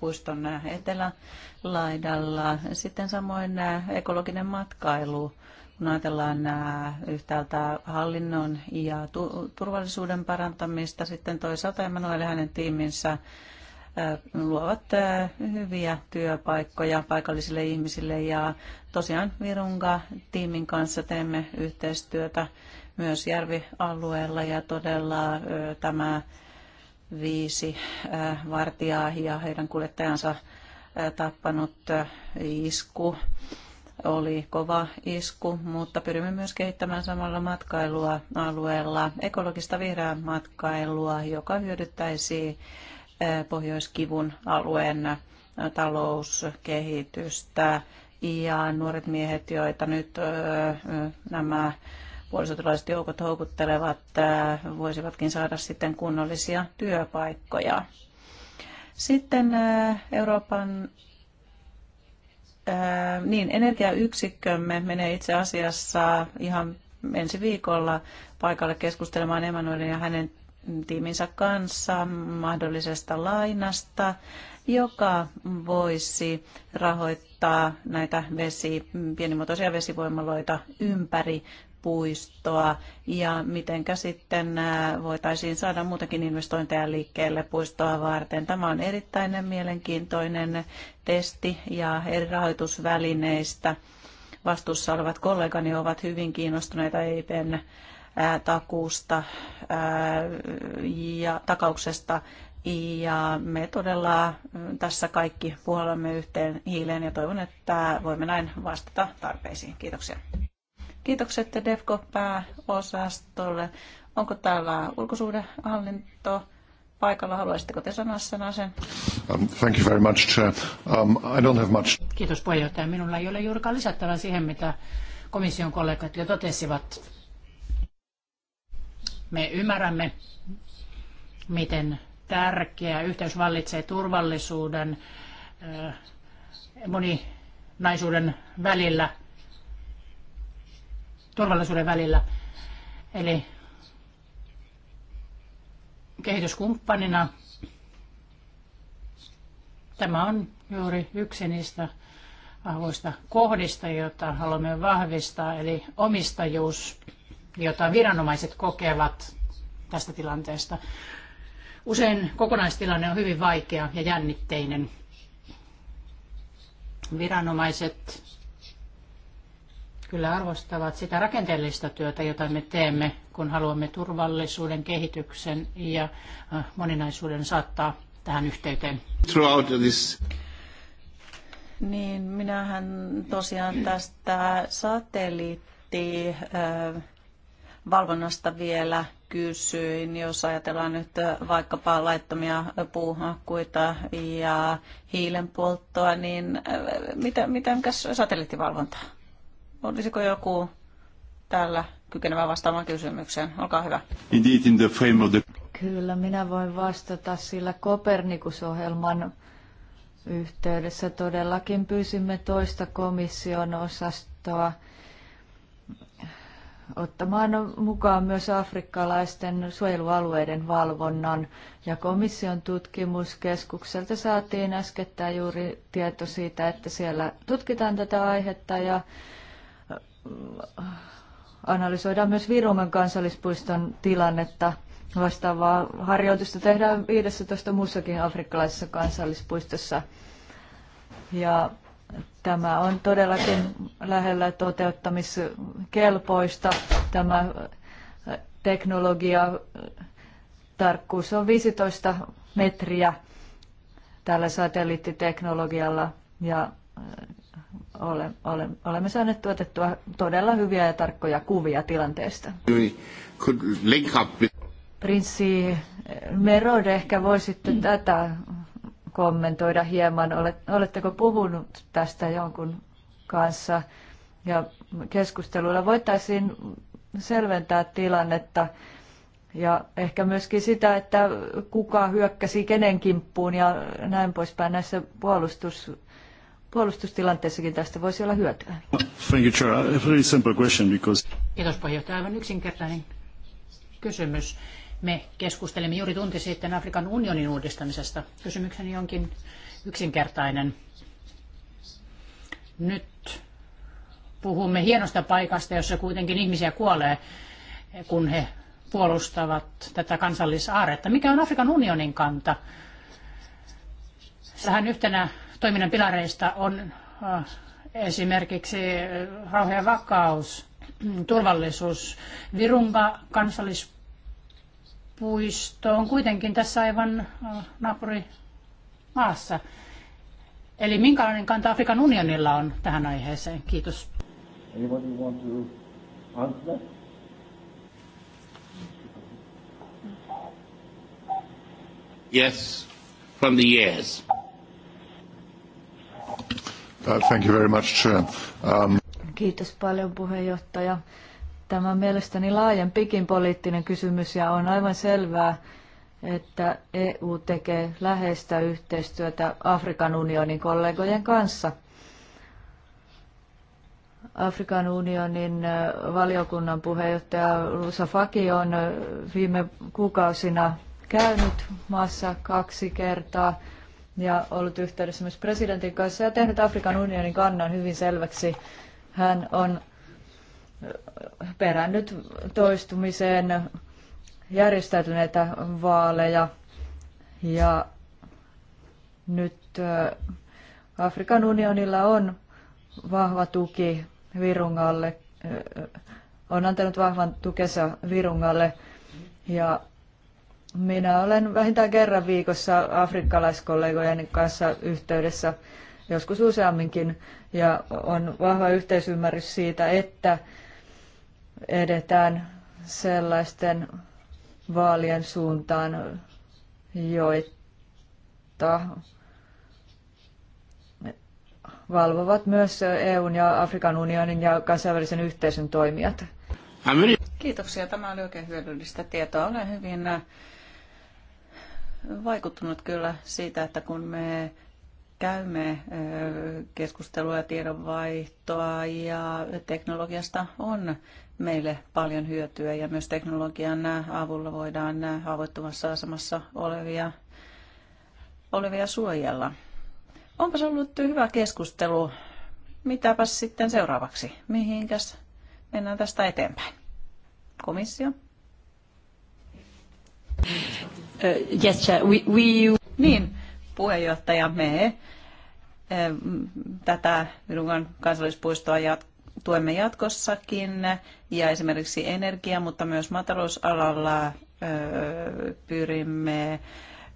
puiston etelälaidalla. Sitten samoin ekologinen matkailu kun ajatellaan yhtäältä hallinnon ja turvallisuuden parantamista, sitten toisaalta Emanuel ja hänen tiiminsä luovat hyviä työpaikkoja paikallisille ihmisille ja tosiaan Virunga tiimin kanssa teemme yhteistyötä myös järvialueella ja todella tämä viisi vartijaa ja heidän kuljettajansa tappanut isku oli kova isku, mutta pyrimme myös kehittämään samalla matkailua alueella, ekologista vihreää matkailua, joka hyödyttäisi Pohjoiskivun alueen talouskehitystä ja nuoret miehet, joita nyt nämä puolisotilaiset joukot houkuttelevat, voisivatkin saada sitten kunnollisia työpaikkoja. Sitten Euroopan niin energiayksikkömme menee itse asiassa ihan ensi viikolla paikalle keskustelemaan Emanuelin ja hänen tiiminsä kanssa mahdollisesta lainasta, joka voisi rahoittaa näitä vesi, pienimuotoisia vesivoimaloita ympäri puistoa ja miten sitten voitaisiin saada muutakin investointeja liikkeelle puistoa varten. Tämä on erittäin mielenkiintoinen testi ja eri rahoitusvälineistä vastuussa olevat kollegani ovat hyvin kiinnostuneita EIPn takuusta ja takauksesta. Ja me todella tässä kaikki puhallamme yhteen hiileen ja toivon, että voimme näin vastata tarpeisiin. Kiitoksia. Kiitokset DEFCO-pääosastolle. Onko täällä ulkosuhdehallinto paikalla? Haluaisitteko te sanoa sanan sen? Um, thank you very much, Chair. Um, I don't have much... Kiitos puheenjohtaja. Minulla ei ole juurikaan lisättävää siihen, mitä komission kollegat jo totesivat. Me ymmärrämme, miten tärkeä yhteys vallitsee turvallisuuden, äh, moninaisuuden välillä – turvallisuuden välillä. Eli kehityskumppanina tämä on juuri yksi niistä vahvoista kohdista, joita haluamme vahvistaa, eli omistajuus, jota viranomaiset kokevat tästä tilanteesta. Usein kokonaistilanne on hyvin vaikea ja jännitteinen. Viranomaiset kyllä arvostavat sitä rakenteellista työtä, jota me teemme, kun haluamme turvallisuuden, kehityksen ja äh, moninaisuuden saattaa tähän yhteyteen. Niin, minähän tosiaan tästä satelliitti äh, valvonnasta vielä kysyin, jos ajatellaan nyt äh, vaikkapa laittomia puuhakkuita ja hiilenpolttoa, niin mitä, mitä satelliittivalvontaa? Olisiko joku täällä kykenevä vastaamaan kysymykseen? Olkaa hyvä. Indeed, in the frame of the... Kyllä, minä voin vastata, sillä Kopernikusohjelman yhteydessä todellakin pyysimme toista komission osastoa ottamaan mukaan myös afrikkalaisten suojelualueiden valvonnan. Ja komission tutkimuskeskukselta saatiin äskettäin juuri tieto siitä, että siellä tutkitaan tätä aihetta ja analysoidaan myös Viruman kansallispuiston tilannetta. Vastaavaa harjoitusta tehdään 15 muussakin afrikkalaisessa kansallispuistossa. Ja tämä on todellakin lähellä toteuttamiskelpoista. Tämä äh, teknologia tarkkuus on 15 metriä tällä satelliittiteknologialla ja äh, ole, ole, olemme saaneet tuotettua todella hyviä ja tarkkoja kuvia tilanteesta. Prinssi Merod, ehkä voisitte tätä kommentoida hieman. Oletteko puhunut tästä jonkun kanssa ja keskustelulla voitaisiin selventää tilannetta ja ehkä myöskin sitä, että kuka hyökkäsi kenen kimppuun ja näin poispäin näissä puolustus puolustustilanteessakin tästä voisi olla hyötyä. Thank you, Chair. A very simple question because... Kiitos puheenjohtaja. Aivan yksinkertainen kysymys. Me keskustelimme juuri tunti sitten Afrikan unionin uudistamisesta. Kysymykseni onkin yksinkertainen. Nyt puhumme hienosta paikasta, jossa kuitenkin ihmisiä kuolee, kun he puolustavat tätä kansallisaaretta. Mikä on Afrikan unionin kanta? Sähän yhtenä toiminnan pilareista on äh, esimerkiksi rauha ja vakaus, turvallisuus. Virunga kansallispuisto on kuitenkin tässä aivan äh, maassa. Eli minkälainen kanta Afrikan unionilla on tähän aiheeseen? Kiitos. Anybody want to answer? Yes, from the years. Uh, thank you very much, Chair. Um... Kiitos paljon puheenjohtaja. Tämä on mielestäni laajempikin poliittinen kysymys ja on aivan selvää, että EU tekee läheistä yhteistyötä Afrikan unionin kollegojen kanssa. Afrikan unionin uh, valiokunnan puheenjohtaja Lusa Faki on uh, viime kuukausina käynyt maassa kaksi kertaa ja ollut yhteydessä myös presidentin kanssa ja tehnyt Afrikan unionin kannan hyvin selväksi. Hän on äh, perännyt toistumiseen järjestäytyneitä vaaleja ja nyt äh, Afrikan unionilla on vahva tuki Virungalle, äh, on antanut vahvan tukensa Virungalle ja minä olen vähintään kerran viikossa afrikkalaiskollegojeni kanssa yhteydessä, joskus useamminkin, ja on vahva yhteisymmärrys siitä, että edetään sellaisten vaalien suuntaan, joita valvovat myös EUn ja Afrikan unionin ja kansainvälisen yhteisön toimijat. Kiitoksia. Tämä oli oikein hyödyllistä tietoa. Olen hyvin vaikuttunut kyllä siitä, että kun me käymme keskustelua ja tiedonvaihtoa ja teknologiasta on meille paljon hyötyä ja myös teknologian avulla voidaan haavoittuvassa asemassa olevia, olevia suojella. se ollut hyvä keskustelu. Mitäpäs sitten seuraavaksi? Mihinkäs mennään tästä eteenpäin? Komissio? Uh, yes, chair. We, Niin, puheenjohtajamme me eh, tätä Virungan kansallispuistoa jat- tuemme jatkossakin ja esimerkiksi energia, mutta myös maatalousalalla eh, pyrimme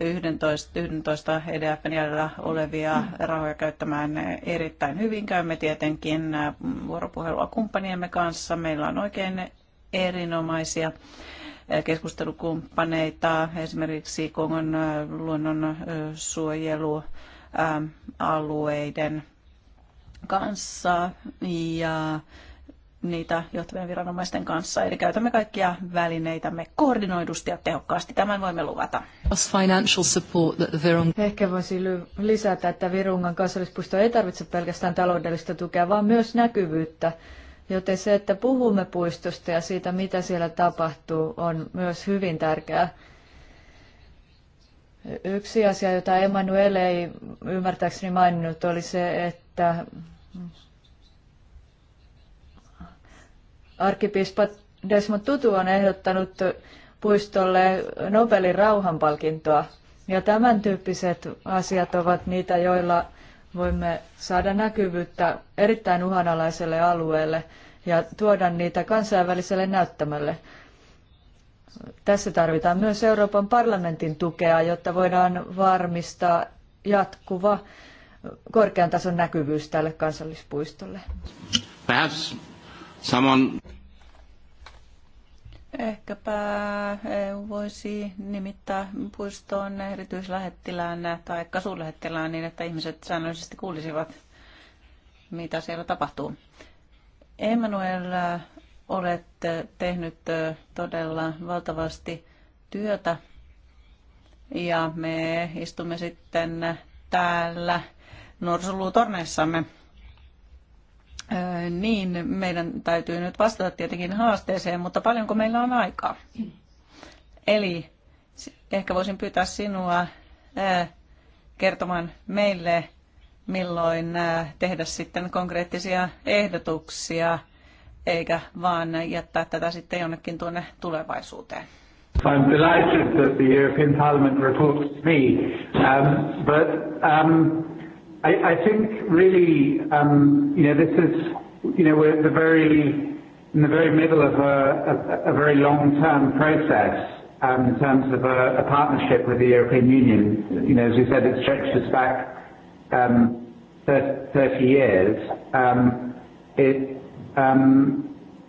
11, 11 EDFn jäljellä olevia rahoja käyttämään erittäin hyvin. Käymme tietenkin eh, vuoropuhelua kumppaniemme kanssa. Meillä on oikein erinomaisia keskustelukumppaneita, esimerkiksi Kongon äh, luonnonsuojelualueiden äh, äh, kanssa ja niitä johtavien viranomaisten kanssa. Eli käytämme kaikkia välineitämme koordinoidusti ja tehokkaasti. Tämän voimme luvata. Ehkä voisi lisätä, että Virungan kansallispuisto ei tarvitse pelkästään taloudellista tukea, vaan myös näkyvyyttä Joten se, että puhumme puistosta ja siitä, mitä siellä tapahtuu, on myös hyvin tärkeää. Yksi asia, jota Emmanuel ei ymmärtääkseni maininnut, oli se, että arkkipiispa Desmond Tutu on ehdottanut puistolle Nobelin rauhanpalkintoa. Ja tämän tyyppiset asiat ovat niitä, joilla voimme saada näkyvyyttä erittäin uhanalaiselle alueelle ja tuoda niitä kansainväliselle näyttämölle. Tässä tarvitaan myös Euroopan parlamentin tukea, jotta voidaan varmistaa jatkuva korkean tason näkyvyys tälle kansallispuistolle. Perhaps someone... Ehkäpä EU voisi nimittää puistoon erityislähettilään tai kasulähettilään niin, että ihmiset säännöllisesti kuulisivat, mitä siellä tapahtuu. Emmanuel, olet tehnyt todella valtavasti työtä ja me istumme sitten täällä norsulutorneissamme niin meidän täytyy nyt vastata tietenkin haasteeseen, mutta paljonko meillä on aikaa? Eli ehkä voisin pyytää sinua kertomaan meille, milloin tehdä sitten konkreettisia ehdotuksia, eikä vaan jättää tätä sitten jonnekin tuonne tulevaisuuteen. I'm delighted that the European Parliament reports me, um, but um, I think really, um, this we're in the very middle of a very long-term process um, in terms of a partnership with the European Union. As we said, it stretches back 30 um, years.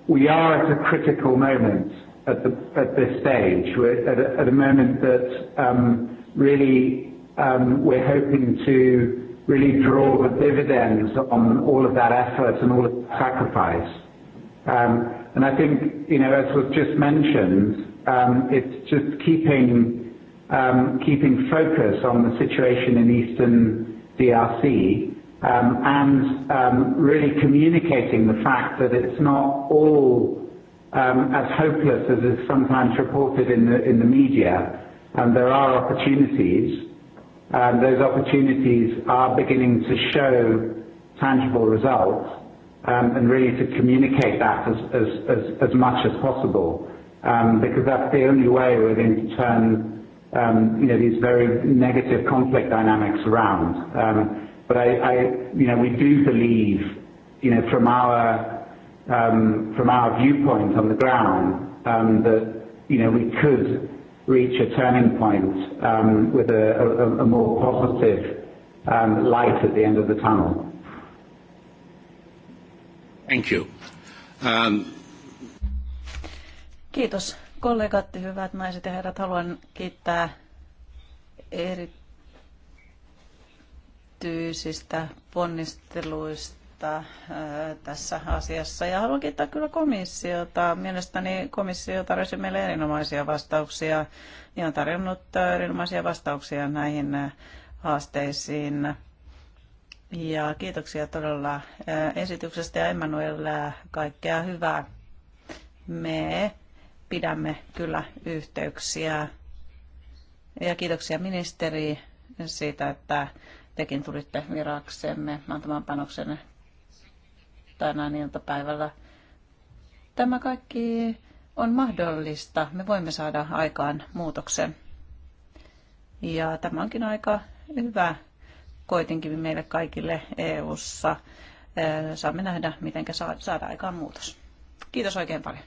We are at a critical moment at this stage. We're at a moment that really we're hoping to really draw the dividends on all of that effort and all of that sacrifice. Um, and I think, you know, as was just mentioned, um, it's just keeping um, keeping focus on the situation in Eastern DRC, um, and um, really communicating the fact that it's not all um, as hopeless as is sometimes reported in the in the media. and There are opportunities, Those opportunities are beginning to show tangible results, um, and really to communicate that as much as possible, um, because that's the only way we're going to turn um, these very negative conflict dynamics around. We do believe from our viewpoint on the ground, that we could reach a turning point um, with a more positive um, light at the end of the tunnel. Thank you. Um... Kiitos kollegat, hyvät naiset ja herrat. Haluan kiittää erityisistä ponnisteluista toimintaa tässä asiassa. Ja haluan kiittää kyllä komissiota. Mielestäni komissio tarjosi meille erinomaisia vastauksia ja on tarjonnut erinomaisia vastauksia näihin haasteisiin. Ja kiitoksia todella esityksestä ja Emmanuel kaikkea hyvää. Me pidämme kyllä yhteyksiä. Ja kiitoksia ministeri siitä, että tekin tulitte viraksemme antamaan panoksen tänään iltapäivällä. Tämä kaikki on mahdollista. Me voimme saada aikaan muutoksen. Ja tämä onkin aika hyvä koitinkin meille kaikille EU-ssa. Saamme nähdä, miten saada aikaan muutos. Kiitos oikein paljon.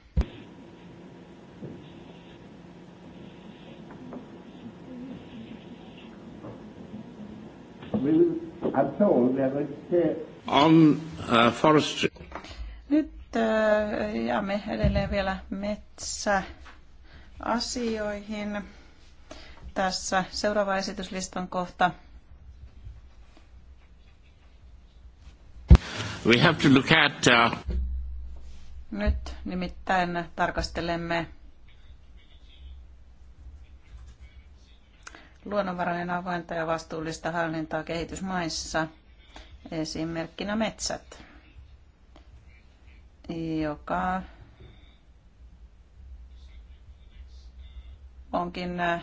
We will, I'm on uh, forestry. Nyt uh, jäämme edelleen vielä metsäasioihin. Tässä seuraava esityslistan kohta. We have to look at, uh... Nyt nimittäin tarkastelemme luonnonvarojen avointa ja vastuullista hallintaa kehitysmaissa – esimerkkinä metsät, joka onkin äh,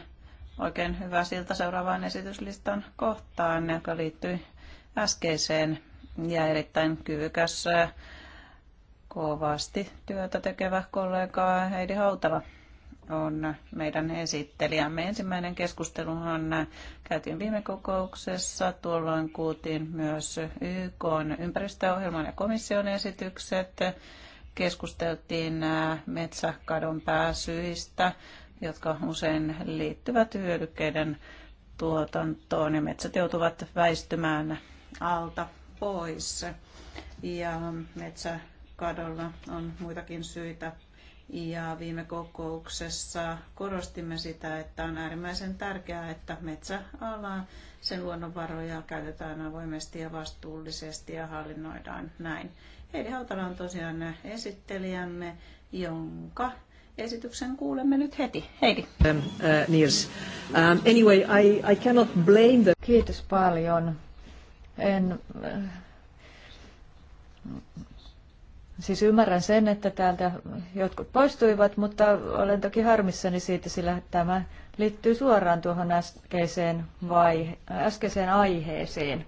oikein hyvä siltä seuraavaan esityslistan kohtaan, joka liittyy äskeiseen ja erittäin kyvykäs äh, kovasti työtä tekevä kollega Heidi Hautala on meidän esittelijämme. Ensimmäinen keskusteluhan käytiin viime kokouksessa. Tuolloin kuultiin myös YK ympäristöohjelman ja komission esitykset. Keskusteltiin metsäkadon pääsyistä, jotka usein liittyvät hyödykkeiden tuotantoon ja metsät joutuvat väistymään alta pois. Ja metsäkadolla on muitakin syitä ja viime kokouksessa korostimme sitä, että on äärimmäisen tärkeää, että metsäalaa, sen luonnonvaroja käytetään avoimesti ja vastuullisesti ja hallinnoidaan näin. Heidi Hautala on tosiaan esittelijämme, jonka esityksen kuulemme nyt heti. Heidi. Um, uh, Niels. Um, anyway, I, I cannot blame the... Kiitos paljon. En... Uh, Siis ymmärrän sen, että täältä jotkut poistuivat, mutta olen toki harmissani siitä, sillä tämä liittyy suoraan tuohon äskeiseen, vai, äskeiseen aiheeseen.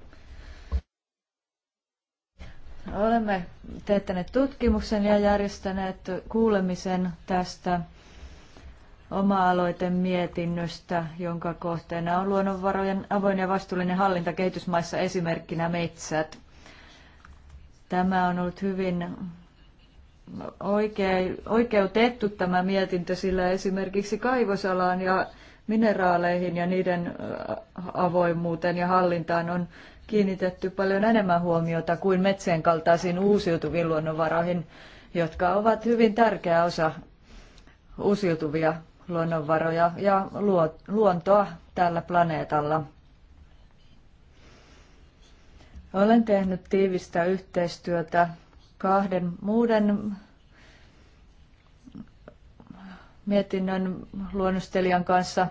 Olemme teettäneet tutkimuksen ja järjestäneet kuulemisen tästä oma mietinnöstä, jonka kohteena on luonnonvarojen avoin ja vastuullinen hallinta kehitysmaissa esimerkkinä metsät. Tämä on ollut hyvin oikea, oikeutettu tämä mietintö, sillä esimerkiksi kaivosalaan ja mineraaleihin ja niiden avoimuuteen ja hallintaan on kiinnitetty paljon enemmän huomiota kuin metsien kaltaisiin uusiutuviin luonnonvaroihin, jotka ovat hyvin tärkeä osa uusiutuvia luonnonvaroja ja luontoa tällä planeetalla. Olen tehnyt tiivistä yhteistyötä kahden muuden mietinnön luonnostelijan kanssa.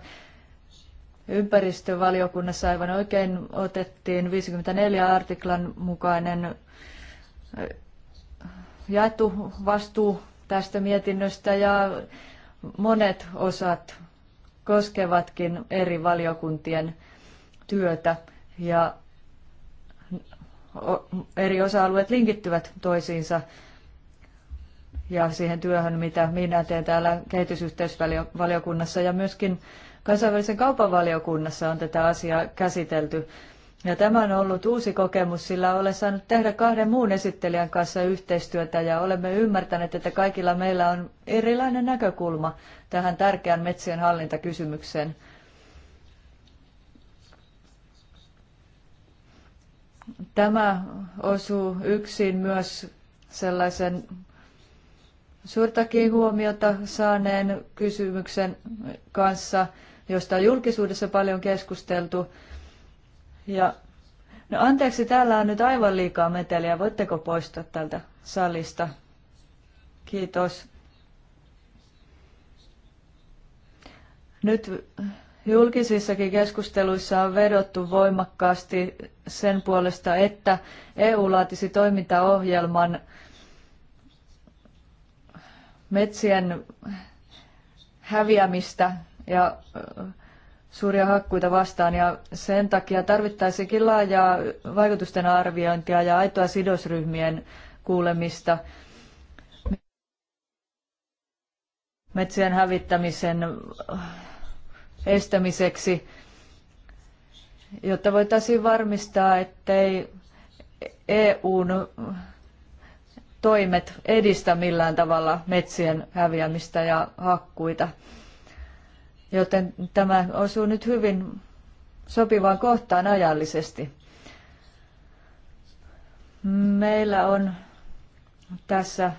Ympäristövaliokunnassa aivan oikein otettiin 54 artiklan mukainen jaettu vastuu tästä mietinnöstä ja monet osat koskevatkin eri valiokuntien työtä ja eri osa-alueet linkittyvät toisiinsa ja siihen työhön, mitä minä teen täällä kehitysyhteisvaliokunnassa ja myöskin kansainvälisen kaupan valiokunnassa on tätä asiaa käsitelty. Ja tämä on ollut uusi kokemus, sillä olen saanut tehdä kahden muun esittelijän kanssa yhteistyötä ja olemme ymmärtäneet, että kaikilla meillä on erilainen näkökulma tähän tärkeään metsien hallintakysymykseen. Tämä osuu yksin myös sellaisen suurtakin huomiota saaneen kysymyksen kanssa, josta on julkisuudessa paljon keskusteltu. Ja, no anteeksi, täällä on nyt aivan liikaa meteliä. Voitteko poistaa tältä salista? Kiitos. Nyt Julkisissakin keskusteluissa on vedottu voimakkaasti sen puolesta, että EU laatisi toimintaohjelman metsien häviämistä ja suuria hakkuita vastaan ja sen takia tarvittaisikin laajaa vaikutusten arviointia ja aitoa sidosryhmien kuulemista metsien hävittämisen estämiseksi, jotta voitaisiin varmistaa, ettei EUn toimet edistä millään tavalla metsien häviämistä ja hakkuita. Joten tämä osuu nyt hyvin sopivaan kohtaan ajallisesti. Meillä on tässä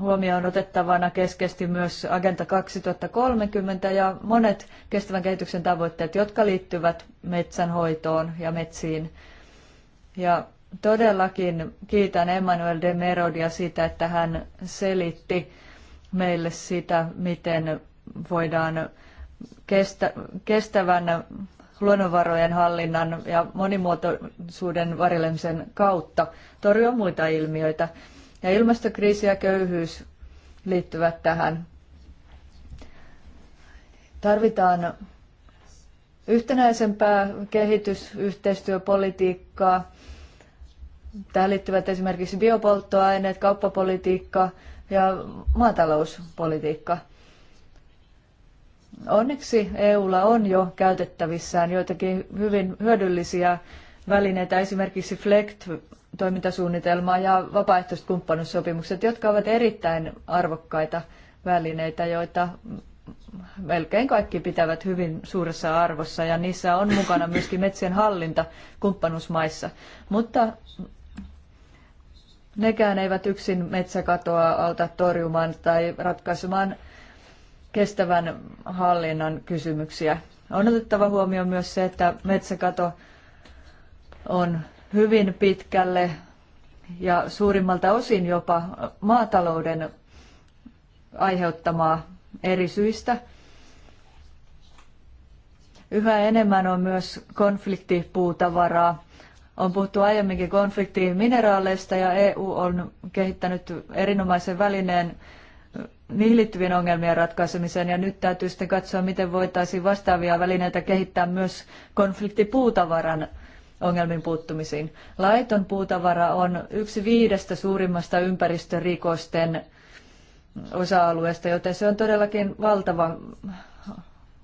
huomioon otettavana keskeisesti myös Agenda 2030 ja monet kestävän kehityksen tavoitteet, jotka liittyvät metsänhoitoon ja metsiin. Ja todellakin kiitän Emmanuel de Merodia siitä, että hän selitti meille sitä, miten voidaan kestä, kestävän luonnonvarojen hallinnan ja monimuotoisuuden varjelemisen kautta torjua muita ilmiöitä. Ja ilmastokriisi ja köyhyys liittyvät tähän. Tarvitaan yhtenäisempää kehitysyhteistyöpolitiikkaa. Tähän liittyvät esimerkiksi biopolttoaineet, kauppapolitiikka ja maatalouspolitiikka. Onneksi EUlla on jo käytettävissään joitakin hyvin hyödyllisiä välineitä, esimerkiksi FLECT toimintasuunnitelmaa ja vapaaehtoiset kumppanuussopimukset, jotka ovat erittäin arvokkaita välineitä, joita melkein kaikki pitävät hyvin suuressa arvossa ja niissä on mukana myöskin metsien hallinta kumppanuusmaissa. Mutta nekään eivät yksin metsäkatoa auta torjumaan tai ratkaisemaan kestävän hallinnan kysymyksiä. On otettava huomioon myös se, että metsäkato on hyvin pitkälle ja suurimmalta osin jopa maatalouden aiheuttamaa eri syistä. Yhä enemmän on myös konfliktipuutavaraa. On puhuttu aiemminkin konfliktimineraaleista ja EU on kehittänyt erinomaisen välineen niihin liittyvien ongelmien ratkaisemiseen ja nyt täytyy sitten katsoa, miten voitaisiin vastaavia välineitä kehittää myös konfliktipuutavaran ongelmiin puuttumisiin. Laiton puutavara on yksi viidestä suurimmasta ympäristörikosten osa-alueesta, joten se on todellakin valtava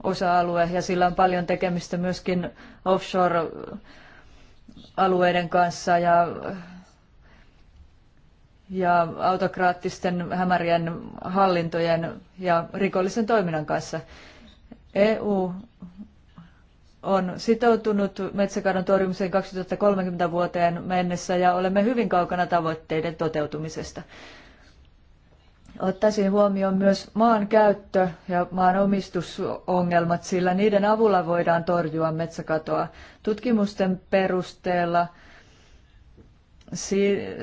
osa-alue ja sillä on paljon tekemistä myöskin offshore-alueiden kanssa ja, ja autokraattisten hämärien hallintojen ja rikollisen toiminnan kanssa. EU on sitoutunut metsäkadon torjumiseen 2030 vuoteen mennessä ja olemme hyvin kaukana tavoitteiden toteutumisesta. Ottaisin huomioon myös maan käyttö ja maanomistusongelmat, sillä niiden avulla voidaan torjua metsäkatoa. Tutkimusten perusteella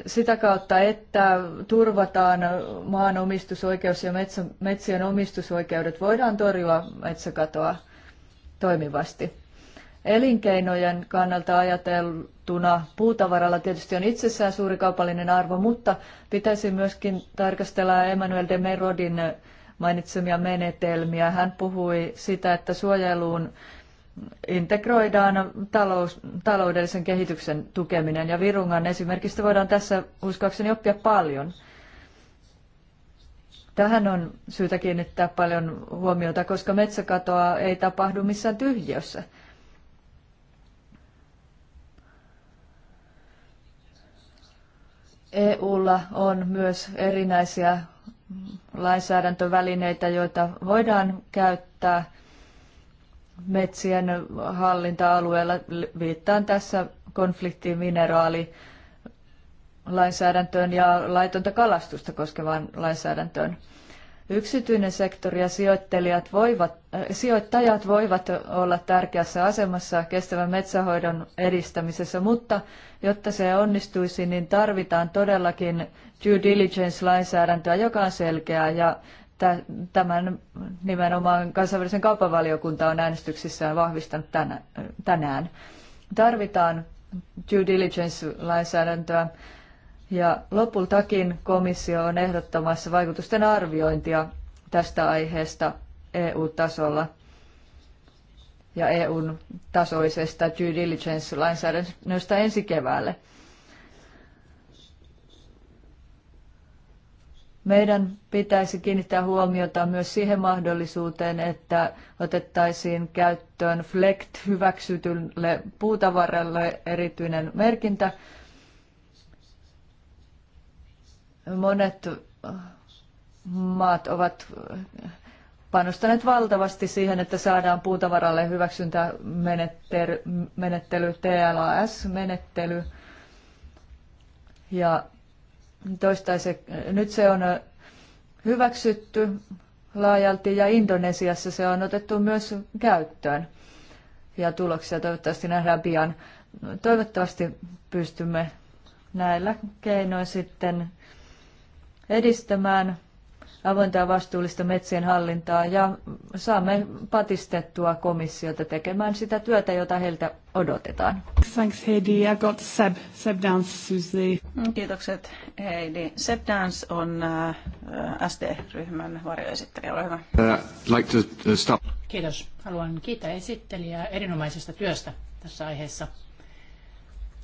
sitä kautta, että turvataan maanomistusoikeus ja metsien omistusoikeudet, voidaan torjua metsäkatoa toimivasti elinkeinojen kannalta ajateltuna puutavaralla tietysti on itsessään suuri kaupallinen arvo, mutta pitäisi myöskin tarkastella Emmanuel de Merodin mainitsemia menetelmiä. Hän puhui sitä, että suojeluun integroidaan talous, taloudellisen kehityksen tukeminen ja Virungan esimerkistä voidaan tässä uskoakseni oppia paljon. Tähän on syytä kiinnittää paljon huomiota, koska metsäkatoa ei tapahdu missään tyhjiössä. EUlla on myös erinäisiä lainsäädäntövälineitä, joita voidaan käyttää metsien hallinta-alueella. Viittaan tässä konfliktimineraali lainsäädäntöön ja laitonta kalastusta koskevaan lainsäädäntöön. Yksityinen sektori ja sijoittelijat voivat, äh, sijoittajat voivat olla tärkeässä asemassa kestävän metsähoidon edistämisessä, mutta jotta se onnistuisi, niin tarvitaan todellakin due diligence-lainsäädäntöä, joka on selkeää ja tämän nimenomaan kansainvälisen kauppavaliokunta on äänestyksissään vahvistanut tänään. Tarvitaan due diligence-lainsäädäntöä ja lopultakin komissio on ehdottamassa vaikutusten arviointia tästä aiheesta EU-tasolla ja EUn tasoisesta due diligence-lainsäädännöstä ensi keväälle. Meidän pitäisi kiinnittää huomiota myös siihen mahdollisuuteen, että otettaisiin käyttöön FLECT hyväksytylle puutavaralle erityinen merkintä, Monet äh, maat ovat äh, panostaneet valtavasti siihen, että saadaan puutavaralle hyväksyntämenettely, TLAS-menettely. Ja toistaise, äh, nyt se on hyväksytty laajalti ja Indonesiassa se on otettu myös käyttöön. Ja tuloksia toivottavasti nähdään pian. Toivottavasti pystymme näillä keinoin sitten edistämään avointa ja vastuullista metsien hallintaa ja saamme patistettua komissiota tekemään sitä työtä, jota heiltä odotetaan. Thanks Heidi. I got Seb, Seb Dance, Kiitokset Heidi. Seb Dance on äh, SD-ryhmän varjoesittelijä. Ole hyvä. Uh, like to uh, stop. Kiitos. Haluan kiittää esittelijää erinomaisesta työstä tässä aiheessa.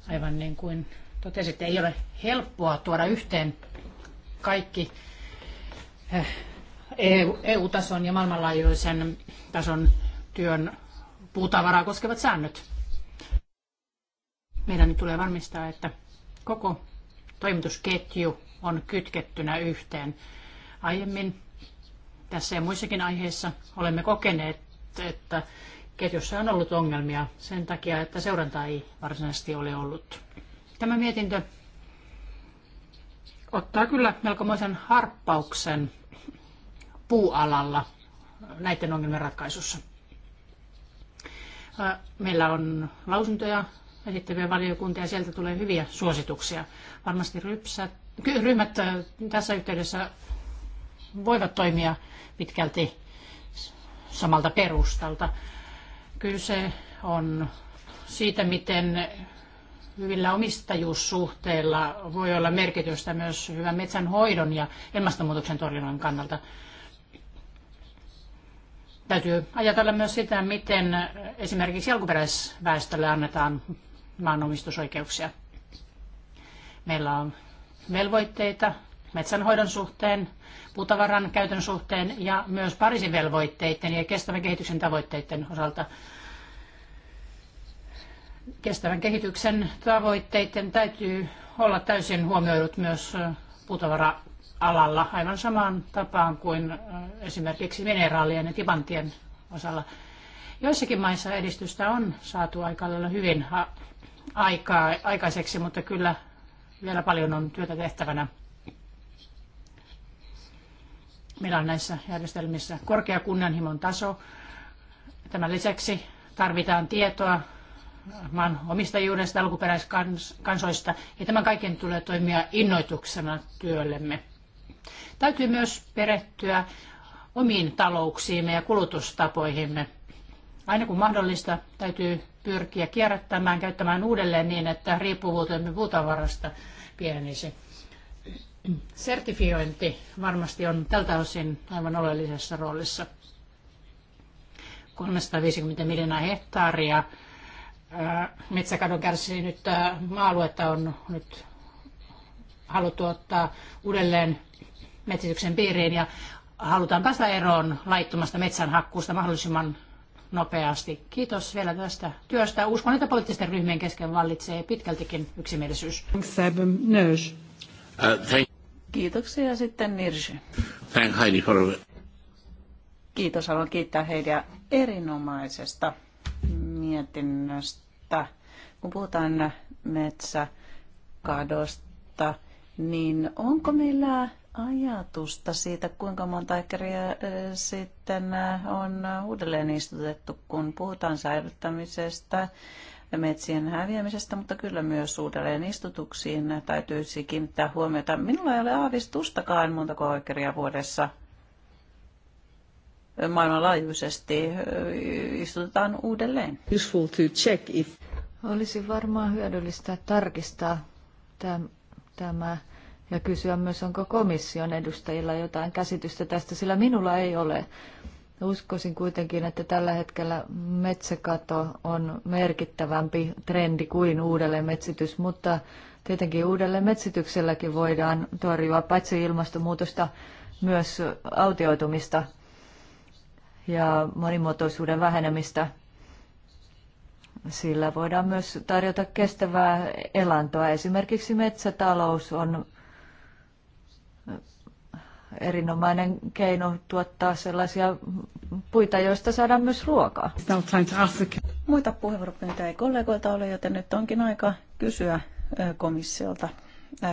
Aivan niin kuin totesit, ei ole helppoa tuoda yhteen kaikki EU-tason eh, e e ja maailmanlaajuisen tason työn puutavaraa koskevat säännöt. Meidän tulee varmistaa, että koko toimitusketju on kytkettynä yhteen. Aiemmin tässä ja muissakin aiheissa olemme kokeneet, että ketjussa on ollut ongelmia sen takia, että seurantaa ei varsinaisesti ole ollut. Tämä mietintö ottaa kyllä melkomoisen harppauksen puualalla näiden ongelmien ratkaisussa. Meillä on lausuntoja esittäviä valiokuntia ja sieltä tulee hyviä suosituksia. Varmasti rypsät, ryhmät tässä yhteydessä voivat toimia pitkälti samalta perustalta. Kyse on siitä, miten hyvillä omistajuussuhteilla voi olla merkitystä myös hyvän metsänhoidon ja ilmastonmuutoksen torjunnan kannalta. Täytyy ajatella myös sitä, miten esimerkiksi alkuperäisväestölle annetaan maanomistusoikeuksia. Meillä on velvoitteita metsänhoidon suhteen, puutavaran käytön suhteen ja myös Pariisin velvoitteiden ja kestävän kehityksen tavoitteiden osalta kestävän kehityksen tavoitteiden täytyy olla täysin huomioidut myös puutavara-alalla aivan samaan tapaan kuin esimerkiksi mineraalien ja timanttien osalla. Joissakin maissa edistystä on saatu aika lailla hyvin aikaa, aikaiseksi, mutta kyllä vielä paljon on työtä tehtävänä. Meillä on näissä järjestelmissä korkea kunnianhimon taso. Tämän lisäksi tarvitaan tietoa maan omistajuudesta, alkuperäiskansoista, ja tämän kaiken tulee toimia innoituksena työllemme. Täytyy myös perehtyä omiin talouksiimme ja kulutustapoihimme. Aina kun mahdollista, täytyy pyrkiä kierrättämään, käyttämään uudelleen niin, että riippuvuutemme puutavarasta pienisi. Sertifiointi varmasti on tältä osin aivan oleellisessa roolissa. 350 miljoonaa hehtaaria metsäkadon kärsinyt maa-aluetta on nyt haluttu ottaa uudelleen metsityksen piiriin ja halutaan päästä eroon laittomasta metsänhakkuusta mahdollisimman nopeasti. Kiitos vielä tästä työstä. Uskon, että poliittisten ryhmien kesken vallitsee pitkältikin yksimielisyys. Kiitoksia sitten Nirsi. Kiitos, haluan kiittää heidän erinomaisesta mietinnöstä. Kun puhutaan metsäkadosta, niin onko meillä ajatusta siitä, kuinka monta ekeriä sitten on uudelleen istutettu, kun puhutaan säilyttämisestä, metsien häviämisestä, mutta kyllä myös uudelleen istutuksiin täytyisi kiinnittää huomiota. Minulla ei ole aavistustakaan montako ekeriä vuodessa maailmanlaajuisesti istutetaan uudelleen. to check if... Olisi varmaan hyödyllistä tarkistaa tämä ja kysyä myös, onko komission edustajilla jotain käsitystä tästä, sillä minulla ei ole. Uskoisin kuitenkin, että tällä hetkellä metsäkato on merkittävämpi trendi kuin uudelleen metsitys, mutta tietenkin uudelleen metsitykselläkin voidaan torjua paitsi ilmastonmuutosta myös autioitumista – ja monimuotoisuuden vähenemistä. Sillä voidaan myös tarjota kestävää elantoa. Esimerkiksi metsätalous on erinomainen keino tuottaa sellaisia puita, joista saadaan myös ruokaa. Muita puheenvuoropyyntöjä ei kollegoilta ole, joten nyt onkin aika kysyä komissiolta.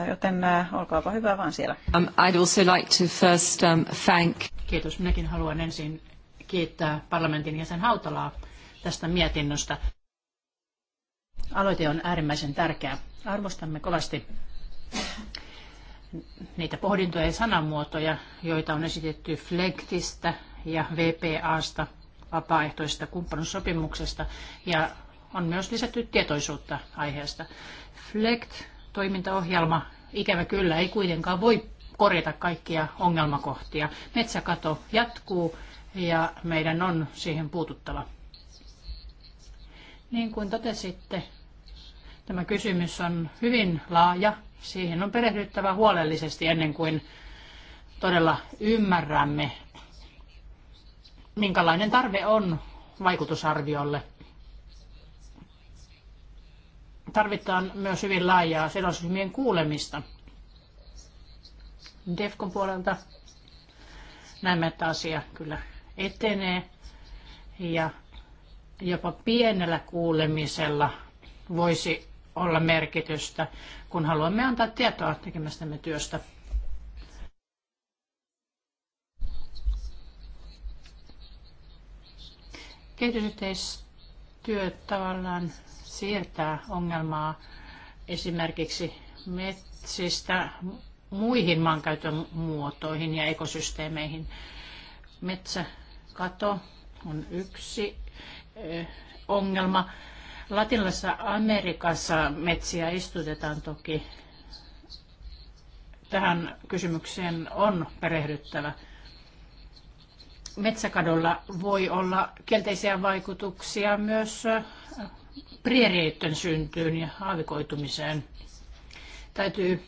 Joten olkaapa hyvä vaan siellä. Um, I'd also like to first um, thank... Kiitos. Minäkin haluan ensin kiittää parlamentin jäsen Hautalaa tästä mietinnöstä. Aloite on äärimmäisen tärkeä. Arvostamme kovasti niitä pohdintoja ja sanamuotoja, joita on esitetty Flektistä ja VPAsta, vapaaehtoisesta kumppanussopimuksesta, ja on myös lisätty tietoisuutta aiheesta. FLECT-toimintaohjelma ikävä kyllä ei kuitenkaan voi korjata kaikkia ongelmakohtia. Metsäkato jatkuu ja meidän on siihen puututtava. Niin kuin totesitte, tämä kysymys on hyvin laaja. Siihen on perehdyttävä huolellisesti ennen kuin todella ymmärrämme, minkälainen tarve on vaikutusarviolle. Tarvitaan myös hyvin laajaa sidosryhmien kuulemista. DEFCON puolelta näemme, että asia kyllä etenee ja jopa pienellä kuulemisella voisi olla merkitystä, kun haluamme antaa tietoa tekemästämme työstä. Kehitysyhteistyö tavallaan siirtää ongelmaa esimerkiksi metsistä muihin maankäytön muotoihin ja ekosysteemeihin. Metsä kato on yksi ongelma. Latinalaisessa Amerikassa metsiä istutetaan toki. Tähän kysymykseen on perehdyttävä. Metsäkadolla voi olla kielteisiä vaikutuksia myös prieriöiden syntyyn ja aavikoitumiseen. Täytyy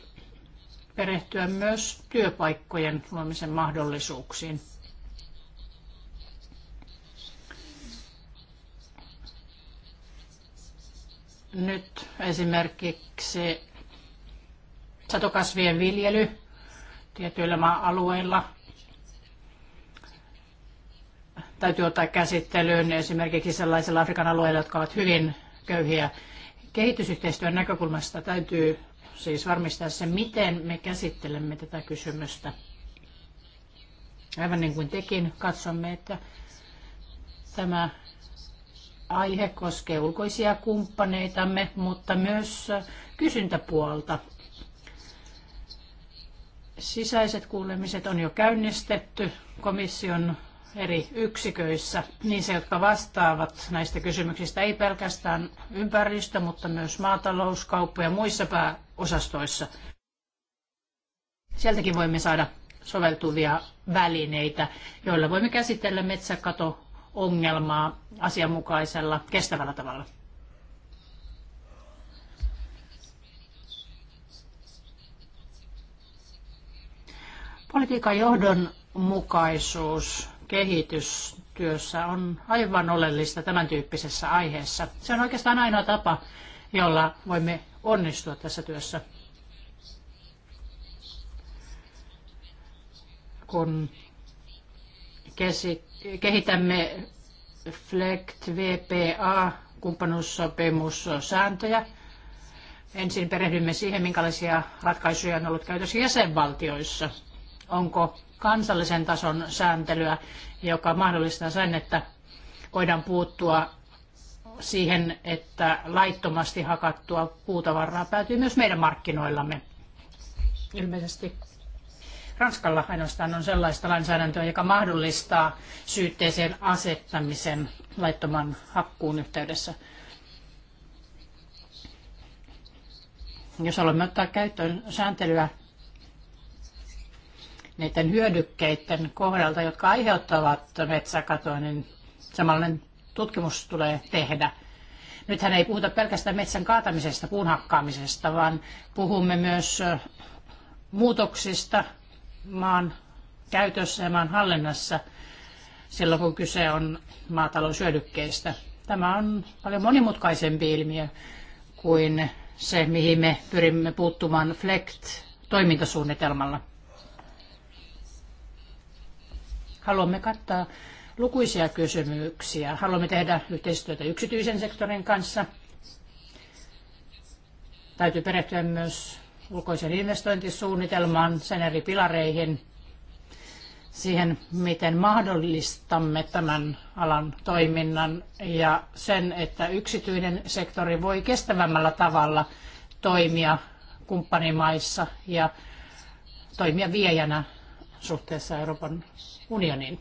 perehtyä myös työpaikkojen luomisen mahdollisuuksiin. nyt esimerkiksi satokasvien viljely tietyillä maa-alueilla. Täytyy ottaa käsittelyyn esimerkiksi sellaisilla Afrikan alueilla, jotka ovat hyvin köyhiä. Kehitysyhteistyön näkökulmasta täytyy siis varmistaa se, miten me käsittelemme tätä kysymystä. Aivan niin kuin tekin, katsomme, että tämä aihe koskee ulkoisia kumppaneitamme, mutta myös kysyntäpuolta. Sisäiset kuulemiset on jo käynnistetty komission eri yksiköissä, niin se, jotka vastaavat näistä kysymyksistä, ei pelkästään ympäristö, mutta myös maatalous, kauppa ja muissa pääosastoissa. Sieltäkin voimme saada soveltuvia välineitä, joilla voimme käsitellä metsäkato ongelmaa asianmukaisella, kestävällä tavalla. Politiikan johdonmukaisuus kehitystyössä on aivan oleellista tämän tyyppisessä aiheessa. Se on oikeastaan ainoa tapa, jolla voimme onnistua tässä työssä. Kun kehitämme FLECT VPA kumppanuussopimussääntöjä. Ensin perehdymme siihen, minkälaisia ratkaisuja on ollut käytössä jäsenvaltioissa. Onko kansallisen tason sääntelyä, joka mahdollistaa sen, että voidaan puuttua siihen, että laittomasti hakattua puutavaraa päätyy myös meidän markkinoillamme. Ilmeisesti Ranskalla ainoastaan on sellaista lainsäädäntöä, joka mahdollistaa syytteeseen asettamisen laittoman hakkuun yhteydessä. Jos haluamme ottaa käyttöön sääntelyä niiden hyödykkeiden kohdalta, jotka aiheuttavat metsäkatoa, niin samanlainen tutkimus tulee tehdä. Nythän ei puhuta pelkästään metsän kaatamisesta, puun hakkaamisesta, vaan puhumme myös muutoksista maan käytössä ja maan hallinnassa silloin, kun kyse on maataloushyödykkeistä. Tämä on paljon monimutkaisempi ilmiö kuin se, mihin me pyrimme puuttumaan FLECT-toimintasuunnitelmalla. Haluamme kattaa lukuisia kysymyksiä. Haluamme tehdä yhteistyötä yksityisen sektorin kanssa. Täytyy perehtyä myös ulkoisen investointisuunnitelmaan, sen eri pilareihin, siihen, miten mahdollistamme tämän alan toiminnan ja sen, että yksityinen sektori voi kestävämmällä tavalla toimia kumppanimaissa ja toimia viejänä suhteessa Euroopan unioniin.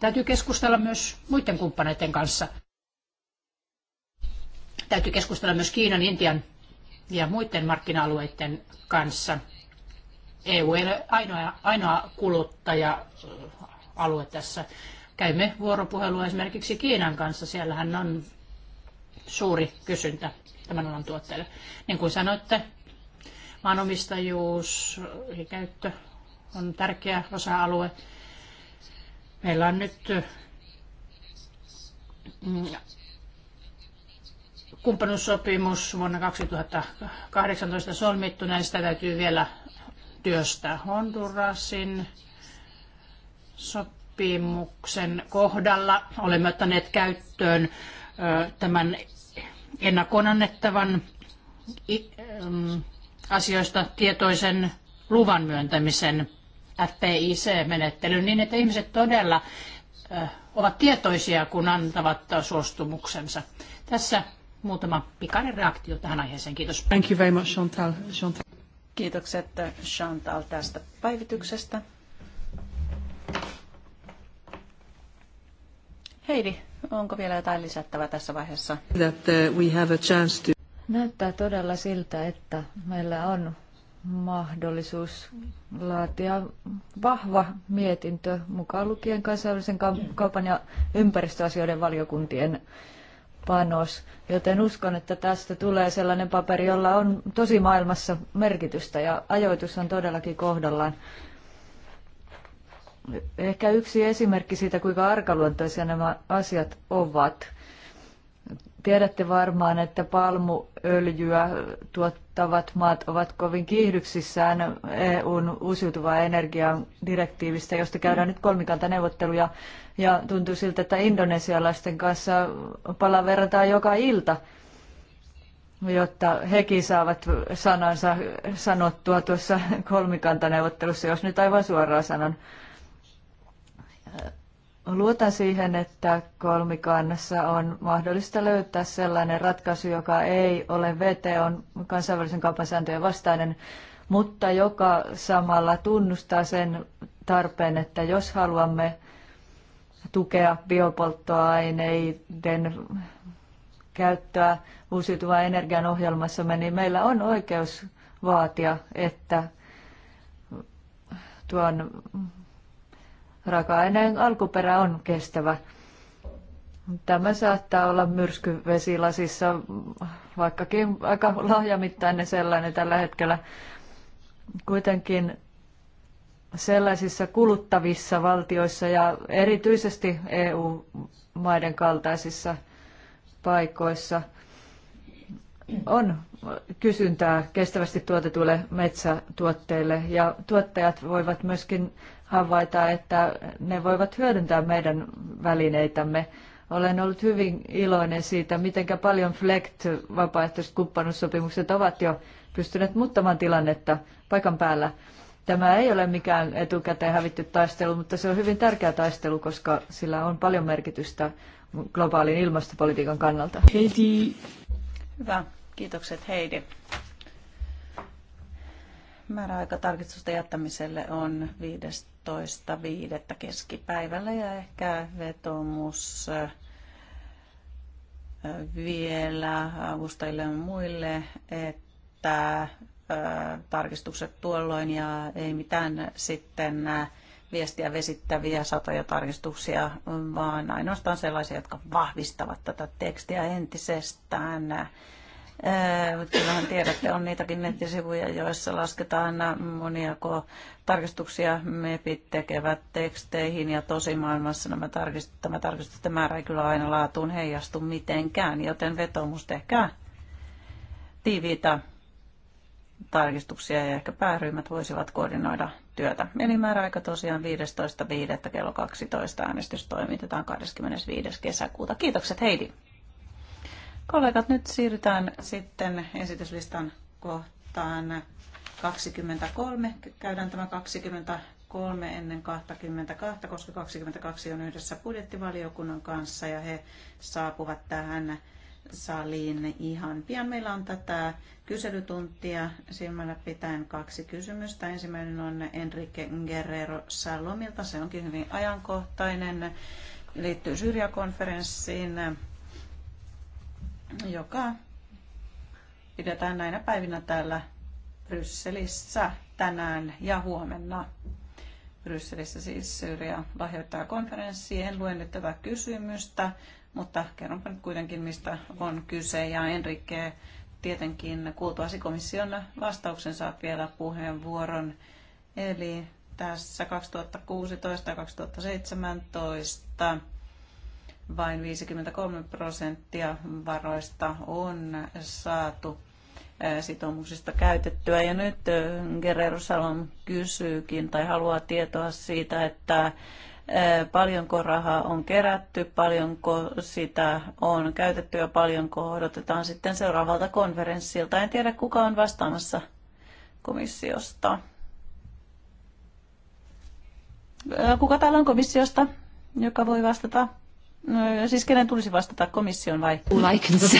Täytyy keskustella myös muiden kumppaneiden kanssa. Täytyy keskustella myös Kiinan, Intian ja muiden markkina-alueiden kanssa. EU ei ole ainoa, ainoa kuluttaja-alue tässä. Käymme vuoropuhelua esimerkiksi Kiinan kanssa. Siellähän on suuri kysyntä tämän alan tuotteille. Niin kuin sanoitte, maanomistajuus ja käyttö on tärkeä osa-alue. Meillä on nyt mm, kumppanuussopimus vuonna 2018 solmittu, sitä täytyy vielä työstää Hondurasin sopimuksen kohdalla. Olemme ottaneet käyttöön tämän ennakkoon annettavan asioista tietoisen luvan myöntämisen FPIC-menettelyn niin, että ihmiset todella ovat tietoisia, kun antavat suostumuksensa. Tässä muutama pikainen reaktio tähän aiheeseen. Kiitos. Thank you very much, Chantal. Chantal. Kiitokset äh, Chantal tästä päivityksestä. Heidi, onko vielä jotain lisättävää tässä vaiheessa? That uh, we have a chance to... Näyttää todella siltä, että meillä on mahdollisuus laatia vahva mietintö mukaan lukien kansainvälisen kaupan ja ympäristöasioiden valiokuntien panos, joten uskon, että tästä tulee sellainen paperi, jolla on tosi maailmassa merkitystä ja ajoitus on todellakin kohdallaan. Ehkä yksi esimerkki siitä, kuinka arkaluontoisia nämä asiat ovat. Tiedätte varmaan, että palmuöljyä tuottavat maat ovat kovin kiihdyksissään EUn uusiutuvaa energiaa direktiivistä, josta käydään nyt kolmikanta neuvotteluja ja tuntuu siltä, että indonesialaisten kanssa palaverataan joka ilta, jotta hekin saavat sanansa sanottua tuossa kolmikantaneuvottelussa, jos nyt aivan suoraan sanon. Luotan siihen, että kolmikannassa on mahdollista löytää sellainen ratkaisu, joka ei ole VTOn kansainvälisen kaupan sääntöjen vastainen, mutta joka samalla tunnustaa sen tarpeen, että jos haluamme tukea biopolttoaineiden käyttöä uusiutuvan energian ohjelmassamme, niin meillä on oikeus vaatia, että tuon raaka-aineen alkuperä on kestävä. Tämä saattaa olla myrskyvesilasissa, vaikkakin aika lahjamittainen sellainen tällä hetkellä. Kuitenkin sellaisissa kuluttavissa valtioissa ja erityisesti EU-maiden kaltaisissa paikoissa on kysyntää kestävästi tuotetuille metsätuotteille ja tuottajat voivat myöskin havaita, että ne voivat hyödyntää meidän välineitämme. Olen ollut hyvin iloinen siitä, miten paljon FLECT vapaaehtoiset kumppanuussopimukset ovat jo pystyneet muuttamaan tilannetta paikan päällä. Tämä ei ole mikään etukäteen hävitty taistelu, mutta se on hyvin tärkeä taistelu, koska sillä on paljon merkitystä globaalin ilmastopolitiikan kannalta. Heidi. Hyvä. Kiitokset Heidi. Määräaikatarkistusten jättämiselle on 15.5. keskipäivällä ja ehkä vetomus äh, vielä avustajille ja muille, että tarkistukset tuolloin ja ei mitään sitten viestiä vesittäviä satoja tarkistuksia, vaan ainoastaan sellaisia, jotka vahvistavat tätä tekstiä entisestään. Kyllähän tiedätte, on niitäkin nettisivuja, joissa lasketaan monia tarkistuksia MEPit tekevät teksteihin ja tosi maailmassa nämä tarkist- tämä tarkistusten määrä ei kyllä aina laatuun heijastu mitenkään, joten vetomus tehkää tiiviitä tarkistuksia ja ehkä pääryhmät voisivat koordinoida työtä. Eli määräaika tosiaan 15.5. kello 12. Äänestys toimitetaan 25. kesäkuuta. Kiitokset Heidi. Kollegat, nyt siirrytään sitten esityslistan kohtaan 23. Käydään tämä 23 ennen 22, koska 22 on yhdessä budjettivaliokunnan kanssa ja he saapuvat tähän saliin ihan pian. Meillä on tätä kyselytuntia silmällä pitäen kaksi kysymystä. Ensimmäinen on Enrique Guerrero Salomilta. Se onkin hyvin ajankohtainen. Liittyy syrjäkonferenssiin, joka pidetään näinä päivinä täällä Brysselissä tänään ja huomenna. Brysselissä siis Syyria lahjoittaa konferenssi. En lue nyt tätä kysymystä, mutta kerronpa nyt kuitenkin, mistä on kyse. Ja Enrique, tietenkin kuultuasi komission vastauksen saat vielä puheenvuoron. Eli tässä 2016 ja 2017 vain 53 prosenttia varoista on saatu eh, sitoumuksista käytettyä. Ja nyt eh, Guerrero Salon kysyykin tai haluaa tietoa siitä, että paljonko rahaa on kerätty, paljonko sitä on käytetty ja paljonko odotetaan sitten seuraavalta konferenssilta. En tiedä, kuka on vastaamassa komissiosta. Kuka täällä on komissiosta, joka voi vastata? No, siis kenen tulisi vastata, komission vai? All I can say.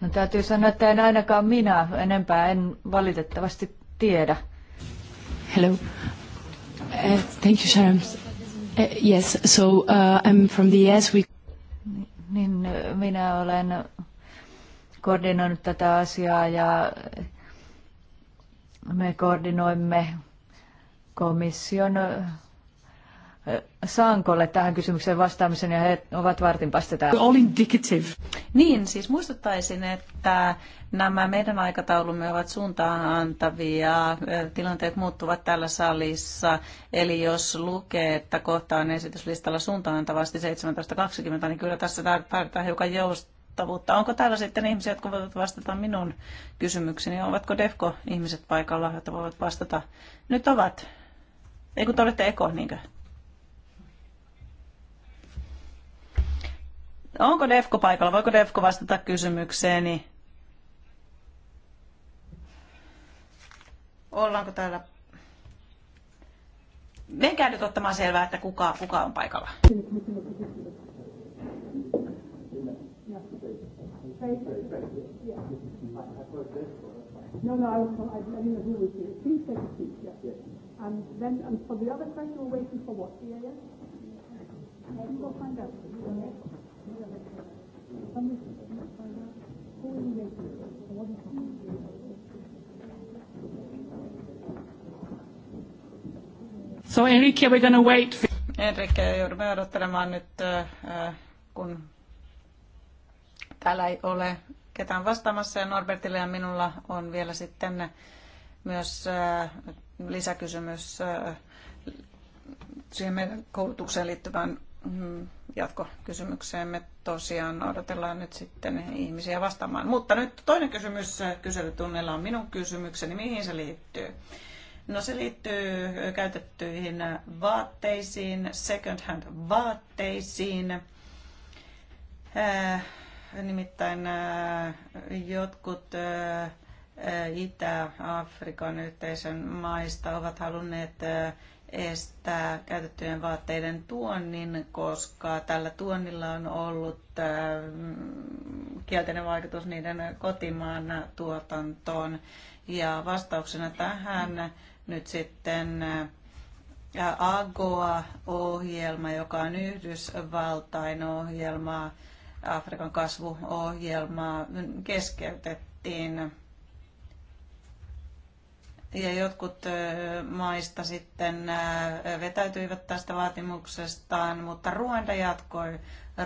No, täytyy sanoa, että en ainakaan minä enempää en valitettavasti tiedä. Hello. Uh, thank you, Sharon. Eh, yes, so uh, I'm from the US. We... Niin, minä olen koordinoinut tätä asiaa ja me koordinoimme komission Sankolle tähän kysymykseen vastaamisen ja he ovat päästä täällä. All indicative. Niin, siis muistuttaisin, että nämä meidän aikataulumme ovat suuntaan antavia. Tilanteet muuttuvat tällä salissa. Eli jos lukee, että kohta on esityslistalla suuntaan antavasti 17.20, niin kyllä tässä tarvitaan hiukan joustavuutta. Onko täällä sitten ihmisiä, jotka voivat vastata minun kysymykseni? Ovatko defko ihmiset paikalla, jotka voivat vastata? Nyt ovat. Ei kun te olette Eko, niinkö? Onko Defko paikalla? Voiko Defko vastata kysymykseeni? Ollaanko täällä? Menkää nyt ottamaan selvää, että kuka, kuka on paikalla. No, no, I, was, I, you. Please take a seat. Yeah. Yes. And then, and for the other we're waiting for what? Yeah, yeah. So Enrique, we're gonna wait for... Enrique, joudumme odottelemaan nyt, äh, kun täällä ei ole ketään vastaamassa ja Norbertille ja minulla on vielä sitten myös äh, lisäkysymys äh, siihen meidän koulutukseen liittyvään Mm-hmm. jatkokysymykseemme tosiaan odotellaan nyt sitten ihmisiä vastaamaan. Mutta nyt toinen kysymys kyselytunnella on minun kysymykseni. Mihin se liittyy? No se liittyy käytettyihin vaatteisiin, second hand vaatteisiin. Äh, nimittäin äh, jotkut äh, Itä-Afrikan yhteisön maista ovat halunneet äh, estää käytettyjen vaatteiden tuonnin, koska tällä tuonnilla on ollut äh, kielteinen vaikutus niiden kotimaan tuotantoon. Ja vastauksena tähän nyt sitten äh, AGOA-ohjelma, joka on Yhdysvaltain ohjelma, Afrikan kasvuohjelma, keskeytettiin ja jotkut maista sitten vetäytyivät tästä vaatimuksestaan, mutta Ruanda jatkoi,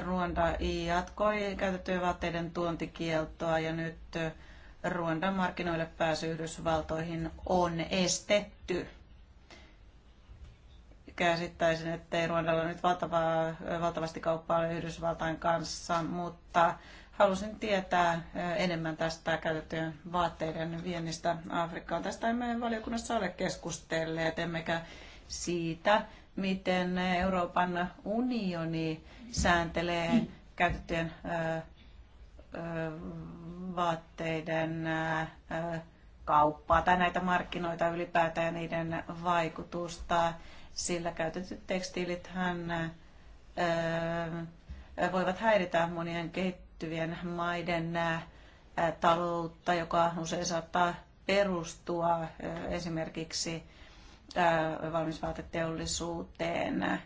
Ruanda jatkoi käytettyjen vaatteiden tuontikieltoa ja nyt Ruandan markkinoille pääsy Yhdysvaltoihin on estetty. Käsittäisin, että ei Ruandalla nyt valtavaa, valtavasti kauppaa ole Yhdysvaltain kanssa, mutta halusin tietää enemmän tästä käytettyjen vaatteiden viennistä Afrikkaan. Tästä emme valiokunnassa ole keskustelleet, emmekä siitä, miten Euroopan unioni sääntelee käytettyjen vaatteiden kauppaa tai näitä markkinoita ylipäätään ja niiden vaikutusta, sillä käytetyt tekstiilithän voivat häiritä monien kehittyneiden kehittyvien maiden taloutta, joka usein saattaa perustua esimerkiksi valmisvaateteollisuuteen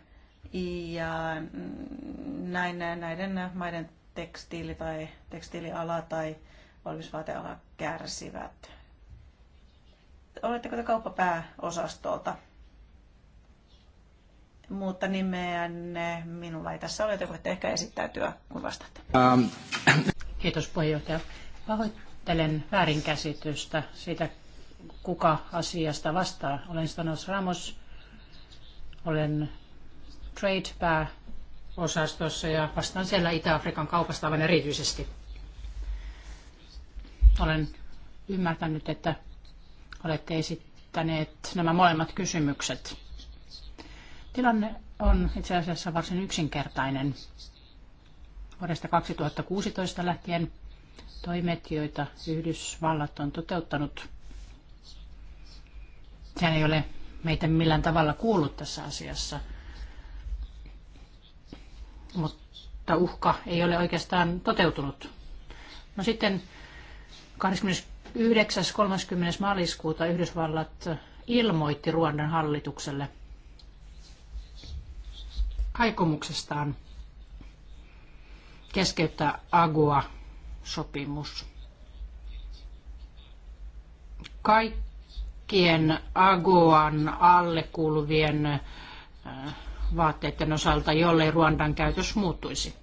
ja mm, näin näiden maiden tekstiili- tai tekstiiliala tai valmisvaateala kärsivät. Oletteko te kauppapääosastolta mutta nimeänne minulla ei tässä ole, te voitte ehkä esittäytyä, kun vastaatte. Um. Kiitos puheenjohtaja. Pahoittelen väärinkäsitystä siitä, kuka asiasta vastaa. Olen Stanos Ramos, olen trade osastossa ja vastaan siellä Itä-Afrikan kaupasta aivan erityisesti. Olen ymmärtänyt, että olette esittäneet nämä molemmat kysymykset. Tilanne on itse asiassa varsin yksinkertainen. Vuodesta 2016 lähtien toimet, joita Yhdysvallat on toteuttanut, sehän ei ole meitä millään tavalla kuullut tässä asiassa. Mutta uhka ei ole oikeastaan toteutunut. No sitten 29.30. maaliskuuta Yhdysvallat ilmoitti Ruandan hallitukselle – aikomuksestaan keskeyttää AGUA-sopimus. Kaikkien AGUAn alle kuuluvien vaatteiden osalta, jollei Ruandan käytös muuttuisi.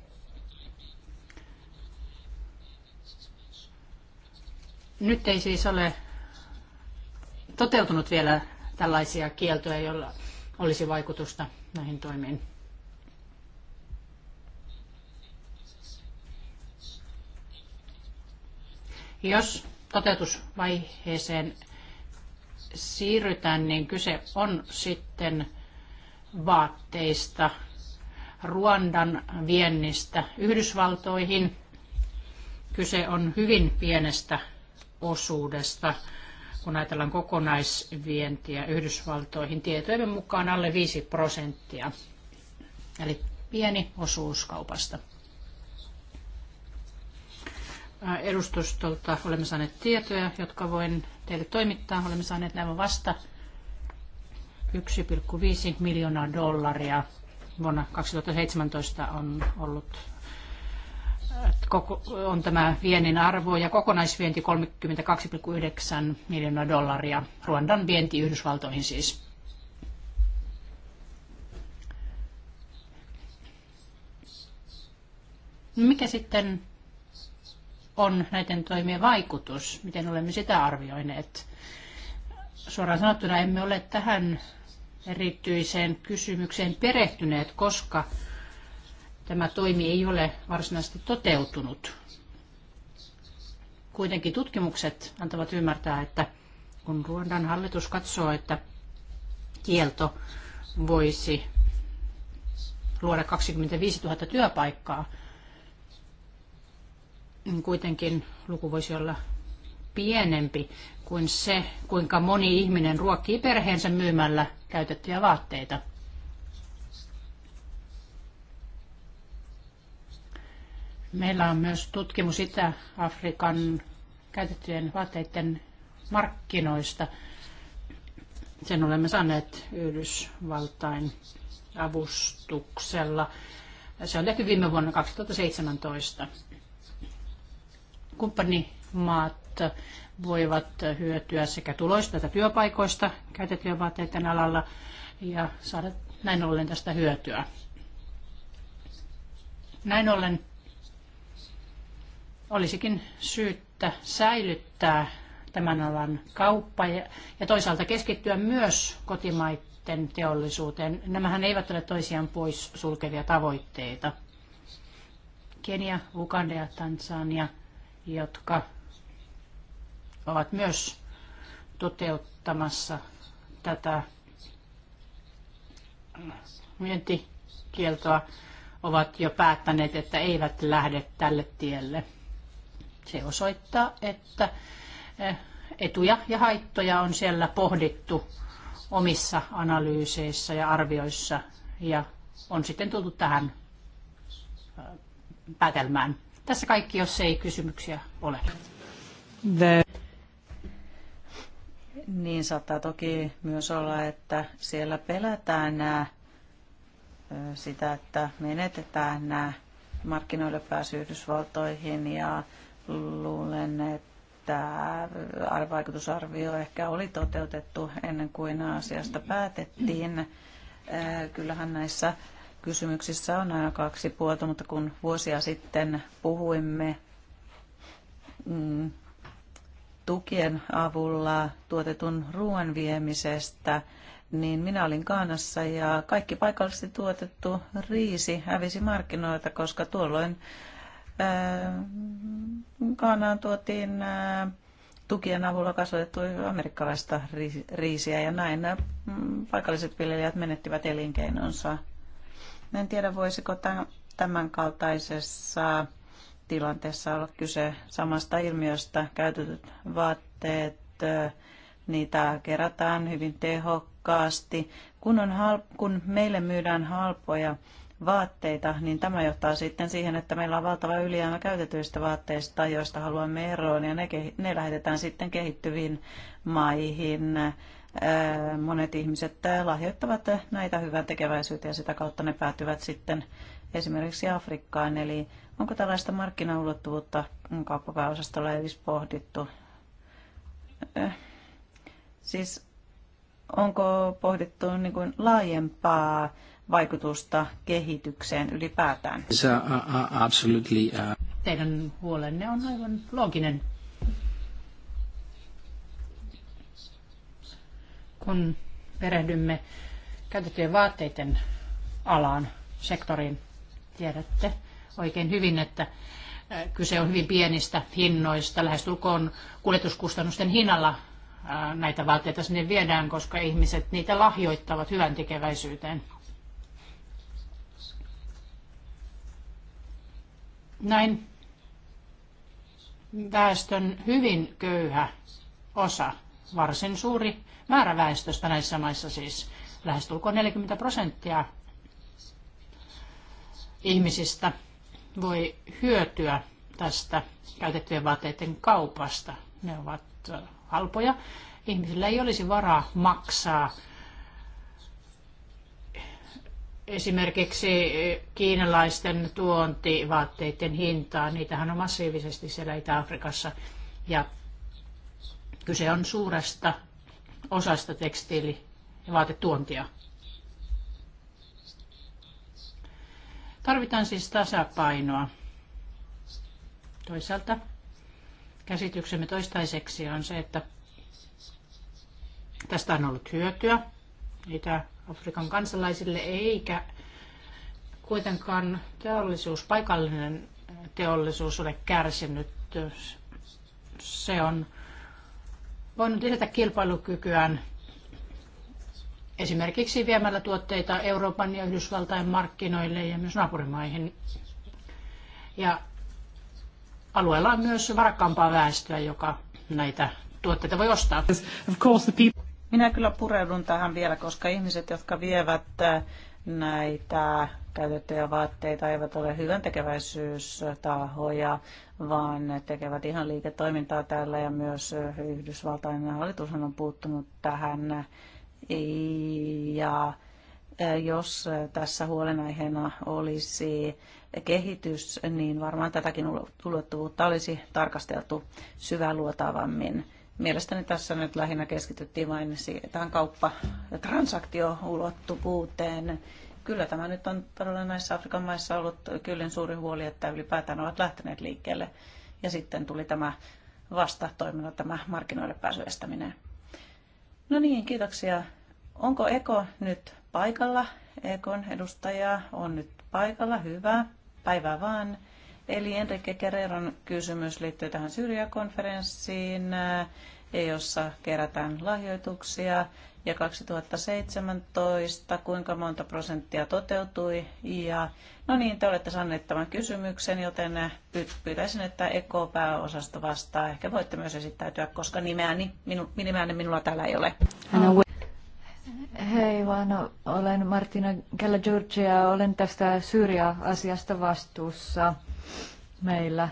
Nyt ei siis ole toteutunut vielä tällaisia kieltoja, joilla olisi vaikutusta näihin toimiin. Jos toteutusvaiheeseen siirrytään, niin kyse on sitten vaatteista, Ruandan viennistä Yhdysvaltoihin. Kyse on hyvin pienestä osuudesta, kun ajatellaan kokonaisvientiä Yhdysvaltoihin. Tietojen mukaan alle 5 prosenttia, eli pieni osuus kaupasta. Äh, edustustolta olemme saaneet tietoja, jotka voin teille toimittaa. Olemme saaneet nämä vasta 1,5 miljoonaa dollaria. Vuonna 2017 on ollut äh, on tämä viennin arvo ja kokonaisvienti 32,9 miljoonaa dollaria. Ruandan vienti Yhdysvaltoihin siis. Mikä sitten on näiden toimien vaikutus, miten olemme sitä arvioineet. Suoraan sanottuna emme ole tähän erityiseen kysymykseen perehtyneet, koska tämä toimi ei ole varsinaisesti toteutunut. Kuitenkin tutkimukset antavat ymmärtää, että kun Ruandan hallitus katsoo, että kielto voisi luoda 25 000 työpaikkaa, Mm, kuitenkin luku voisi olla pienempi kuin se, kuinka moni ihminen ruokkii perheensä myymällä käytettyjä vaatteita. Meillä on myös tutkimus Itä-Afrikan käytettyjen vaatteiden markkinoista. Sen olemme saaneet Yhdysvaltain avustuksella. Se on tehty viime vuonna 2017 kumppanimaat voivat hyötyä sekä tuloista että työpaikoista käytettyjen vaatteiden alalla ja saada näin ollen tästä hyötyä. Näin ollen olisikin syyttä säilyttää tämän alan kauppa ja, ja toisaalta keskittyä myös kotimaiden teollisuuteen. Nämähän eivät ole toisiaan pois sulkevia tavoitteita. Kenia, Uganda ja Tansania – jotka ovat myös toteuttamassa tätä myöntikieltoa, ovat jo päättäneet, että eivät lähde tälle tielle. Se osoittaa, että eh, etuja ja haittoja on siellä pohdittu omissa analyyseissa ja arvioissa ja on sitten tultu tähän eh, päätelmään. Tässä kaikki, jos ei kysymyksiä ole. The... Niin saattaa toki myös olla, että siellä pelätään nämä, sitä, että menetetään nämä markkinoille pääsy Yhdysvaltoihin ja luulen, että vaikutusarvio ehkä oli toteutettu ennen kuin asiasta päätettiin. Kyllähän näissä kysymyksissä on aina kaksi puolta, mutta kun vuosia sitten puhuimme mm, tukien avulla tuotetun ruoan viemisestä, niin minä olin Kaanassa ja kaikki paikallisesti tuotettu riisi hävisi markkinoilta, koska tuolloin ää, äh, Kaanaan tuotiin ää, äh, tukien avulla kasvatettu amerikkalaista riisiä ja näin äh, paikalliset viljelijät menettivät elinkeinonsa. En tiedä, voisiko tämän kaltaisessa tilanteessa olla kyse samasta ilmiöstä. Käytetyt vaatteet, niitä kerätään hyvin tehokkaasti. Kun, on hal- kun meille myydään halpoja vaatteita, niin tämä johtaa sitten siihen, että meillä on valtava ylijäämä käytetyistä vaatteista, joista haluamme eroon, ja ne, ne lähetetään sitten kehittyviin maihin monet ihmiset lahjoittavat näitä hyvän tekeväisyyttä ja sitä kautta ne päätyvät sitten esimerkiksi Afrikkaan. Eli onko tällaista markkinaulottuvuutta kauppapääosastolla edes pohdittu? Siis onko pohdittu niin kuin laajempaa vaikutusta kehitykseen ylipäätään? Uh, uh, uh, Teidän huolenne on aivan looginen. kun perehdymme käytettyjen vaatteiden alaan, sektoriin, tiedätte oikein hyvin, että kyse on hyvin pienistä hinnoista, lähestulkoon kuljetuskustannusten hinnalla näitä vaatteita sinne viedään, koska ihmiset niitä lahjoittavat hyvän tekeväisyyteen. Näin väestön hyvin köyhä osa varsin suuri määrä väestöstä näissä maissa siis. Lähestulkoon 40 prosenttia ihmisistä voi hyötyä tästä käytettyjen vaatteiden kaupasta. Ne ovat halpoja. Ihmisillä ei olisi varaa maksaa esimerkiksi kiinalaisten tuontivaatteiden hintaa. Niitähän on massiivisesti siellä Itä-Afrikassa. Ja Kyse on suuresta osasta tekstiili- ja vaatetuontia. Tarvitaan siis tasapainoa. Toisaalta käsityksemme toistaiseksi on se, että tästä on ollut hyötyä Itä-Afrikan kansalaisille, eikä kuitenkaan teollisuus, paikallinen teollisuus ole kärsinyt. Se on voinut lisätä kilpailukykyään esimerkiksi viemällä tuotteita Euroopan ja Yhdysvaltain markkinoille ja myös naapurimaihin. Ja alueella on myös varakkaampaa väestöä, joka näitä tuotteita voi ostaa. Minä kyllä pureudun tähän vielä, koska ihmiset, jotka vievät näitä käytettyjä vaatteita eivät ole hyvän tekeväisyystahoja, vaan ne tekevät ihan liiketoimintaa täällä ja myös Yhdysvaltain hallitus on puuttunut tähän. Ja e, jos tässä huolenaiheena olisi kehitys, niin varmaan tätäkin ulottuvuutta olisi tarkasteltu syväluotaavammin. Mielestäni tässä nyt lähinnä keskityttiin vain tähän kauppa- ja transaktioulottuvuuteen. Kyllä tämä nyt on todella näissä Afrikan maissa ollut kyllin suuri huoli, että ylipäätään ovat lähteneet liikkeelle. Ja sitten tuli tämä vastatoimena tämä markkinoille pääsyestäminen. No niin, kiitoksia. Onko Eko nyt paikalla? Ekon edustaja on nyt paikalla. Hyvä. Päivää vaan. Eli Enrique Guerreron kysymys liittyy tähän syrjäkonferenssiin, eh, jossa kerätään lahjoituksia. Ja 2017, kuinka monta prosenttia toteutui? Ja, no niin, te olette saaneet tämän kysymyksen, joten pyytäisin, että EK-pääosasto vastaa. Ehkä voitte myös esittäytyä, koska nimeäni, minu, nimeäni minulla täällä ei ole. Hei vaan, olen Martina Kella ja olen tästä Syyria-asiasta vastuussa meillä.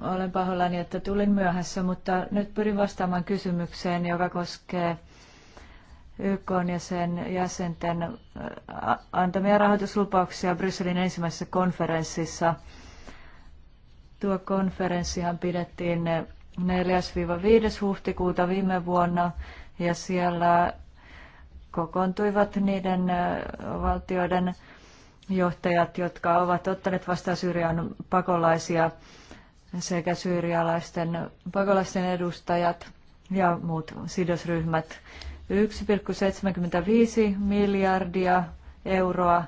Olen pahoillani, että tulin myöhässä, mutta nyt pyrin vastaamaan kysymykseen, joka koskee YK ja sen jäsenten antamia rahoituslupauksia Brysselin ensimmäisessä konferenssissa. Tuo konferenssihan pidettiin 4-5. huhtikuuta viime vuonna ja siellä kokoontuivat niiden valtioiden johtajat, jotka ovat ottaneet vastaan Syyrian pakolaisia sekä syyrialaisten pakolaisten edustajat ja muut sidosryhmät. 1,75 miljardia euroa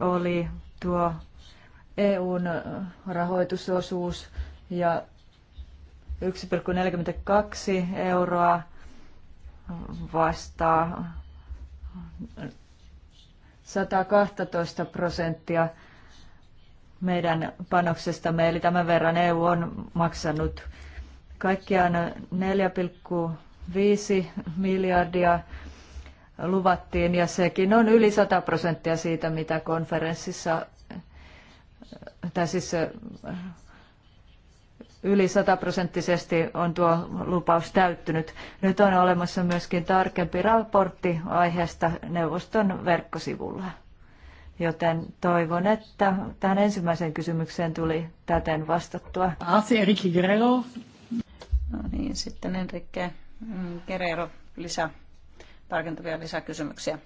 oli tuo EUn rahoitusosuus ja 1,42 euroa vastaa 112 prosenttia meidän panoksestamme, eli tämän verran EU on maksanut kaikkiaan 4,5 miljardia luvattiin, ja sekin on yli 100 prosenttia siitä, mitä konferenssissa, tai siis yli sataprosenttisesti on tuo lupaus täyttynyt. Nyt on olemassa myöskin tarkempi raportti aiheesta neuvoston verkkosivulla. Joten toivon, että tähän ensimmäiseen kysymykseen tuli täten vastattua. Asi Enrique Guerrero. No niin, sitten Enrique Guerrero lisää tarkentavia lisäkysymyksiä.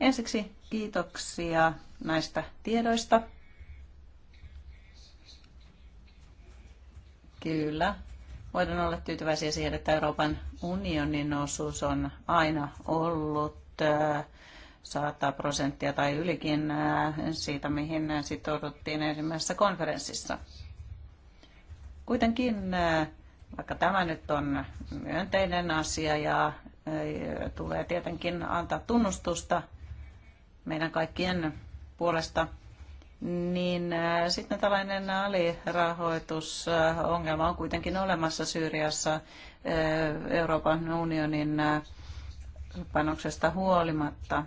Ensiksi kiitoksia näistä tiedoista Kyllä. Voidaan olla tyytyväisiä siihen, että Euroopan unionin osuus on aina ollut 100 äh, prosenttia tai ylikin äh, siitä, mihin sitouduttiin ensimmäisessä konferenssissa. Kuitenkin, äh, vaikka tämä nyt on myönteinen asia ja tulee tietenkin antaa tunnustusta meidän kaikkien puolesta – niin äh, sitten tällainen alirahoitusongelma on kuitenkin olemassa Syyriassa äh, Euroopan unionin äh, panoksesta huolimatta.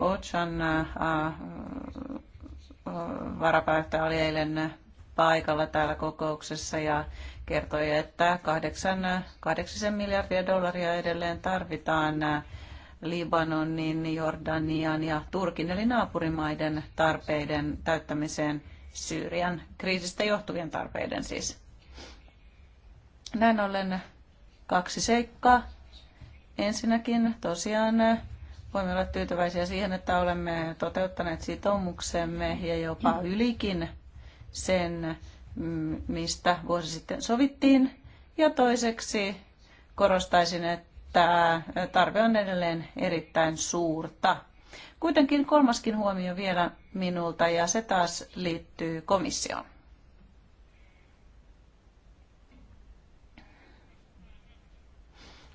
Otsan varapäättäjä oli eilen paikalla täällä kokouksessa ja kertoi, että 8, 8 miljardia dollaria edelleen tarvitaan Libanonin, Jordanian ja Turkin eli naapurimaiden tarpeiden täyttämiseen Syyrian kriisistä johtuvien tarpeiden siis. Näin ollen kaksi seikkaa. Ensinnäkin tosiaan voimme olla tyytyväisiä siihen, että olemme toteuttaneet sitoumuksemme ja jopa ylikin sen, mistä vuosi sitten sovittiin. Ja toiseksi korostaisin, että että tarve on edelleen erittäin suurta. Kuitenkin kolmaskin huomio vielä minulta ja se taas liittyy komissioon.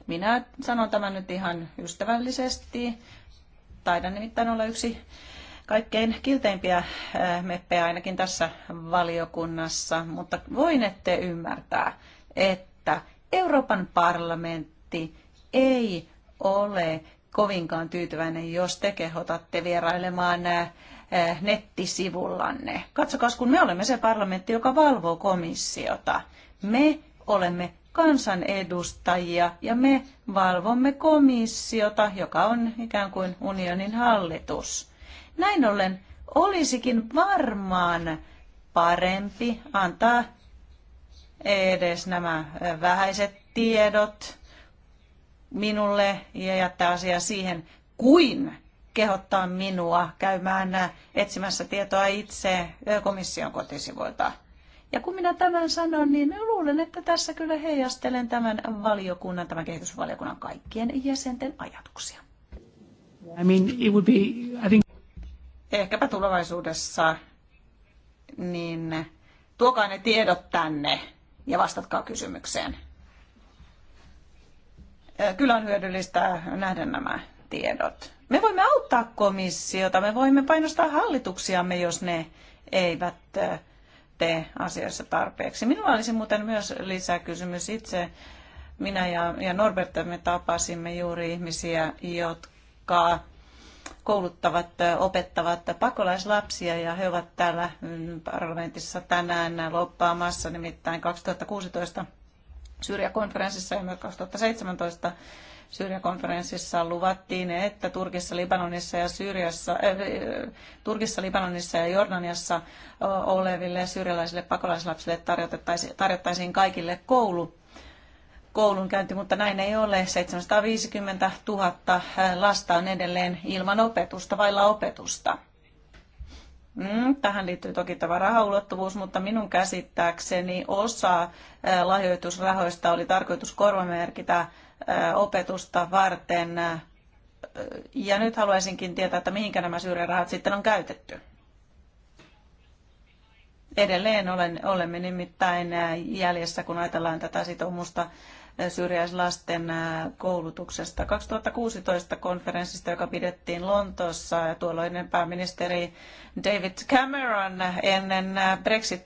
Minä sanon tämän nyt ihan ystävällisesti. Taidan nimittäin olla yksi kaikkein kilteimpiä eh, meppejä ainakin tässä valiokunnassa, mutta voinette ymmärtää, että Euroopan parlamentti ei ole kovinkaan tyytyväinen, jos te kehotatte vierailemaan äh, äh, nettisivullanne. Katsokaa, kun me olemme se parlamentti, joka valvoo komissiota. Me olemme kansanedustajia ja me valvomme komissiota, joka on ikään kuin unionin hallitus. Näin ollen olisikin varmaan parempi antaa edes nämä äh, vähäiset tiedot minulle ja jättää asia siihen, kuin kehottaa minua käymään etsimässä tietoa itse komission kotisivuilta. Ja kun minä tämän sanon, niin luulen, että tässä kyllä heijastelen tämän valiokunnan, tämän kehitysvaliokunnan kaikkien jäsenten ajatuksia. I mean, it would be, I think... Ehkäpä tulevaisuudessa, niin tuokaa ne tiedot tänne ja vastatkaa kysymykseen kyllä on hyödyllistä nähdä nämä tiedot. Me voimme auttaa komissiota, me voimme painostaa hallituksiamme, jos ne eivät tee asioissa tarpeeksi. Minulla olisi muuten myös lisäkysymys itse. Minä ja, ja Norbert me tapasimme juuri ihmisiä, jotka kouluttavat, opettavat pakolaislapsia ja he ovat täällä mm, parlamentissa tänään loppaamassa nimittäin 2016 Syyriakonferenssissa ja myös 2017 Syyriakonferenssissa luvattiin, että Turkissa, Libanonissa ja Syyriassa, äh, Turkissa, Libanonissa ja Jordaniassa äh, oleville syyrialaisille pakolaislapsille tarjottaisiin, tarjottaisiin kaikille koulu koulunkäynti, mutta näin ei ole. 750 000 lasta on edelleen ilman opetusta, vailla opetusta. Mm, tähän liittyy toki rahaulottuvuus, mutta minun käsittääkseni osa lahjoitusrahoista oli tarkoitus korvamerkitä opetusta varten. Ja nyt haluaisinkin tietää, että mihinkä nämä syyrärahat sitten on käytetty. Edelleen olen, olemme nimittäin jäljessä, kun ajatellaan tätä sitoumusta syrjäislasten koulutuksesta. 2016 konferenssista, joka pidettiin Lontoossa, ja tuolloinen pääministeri David Cameron ennen Brexit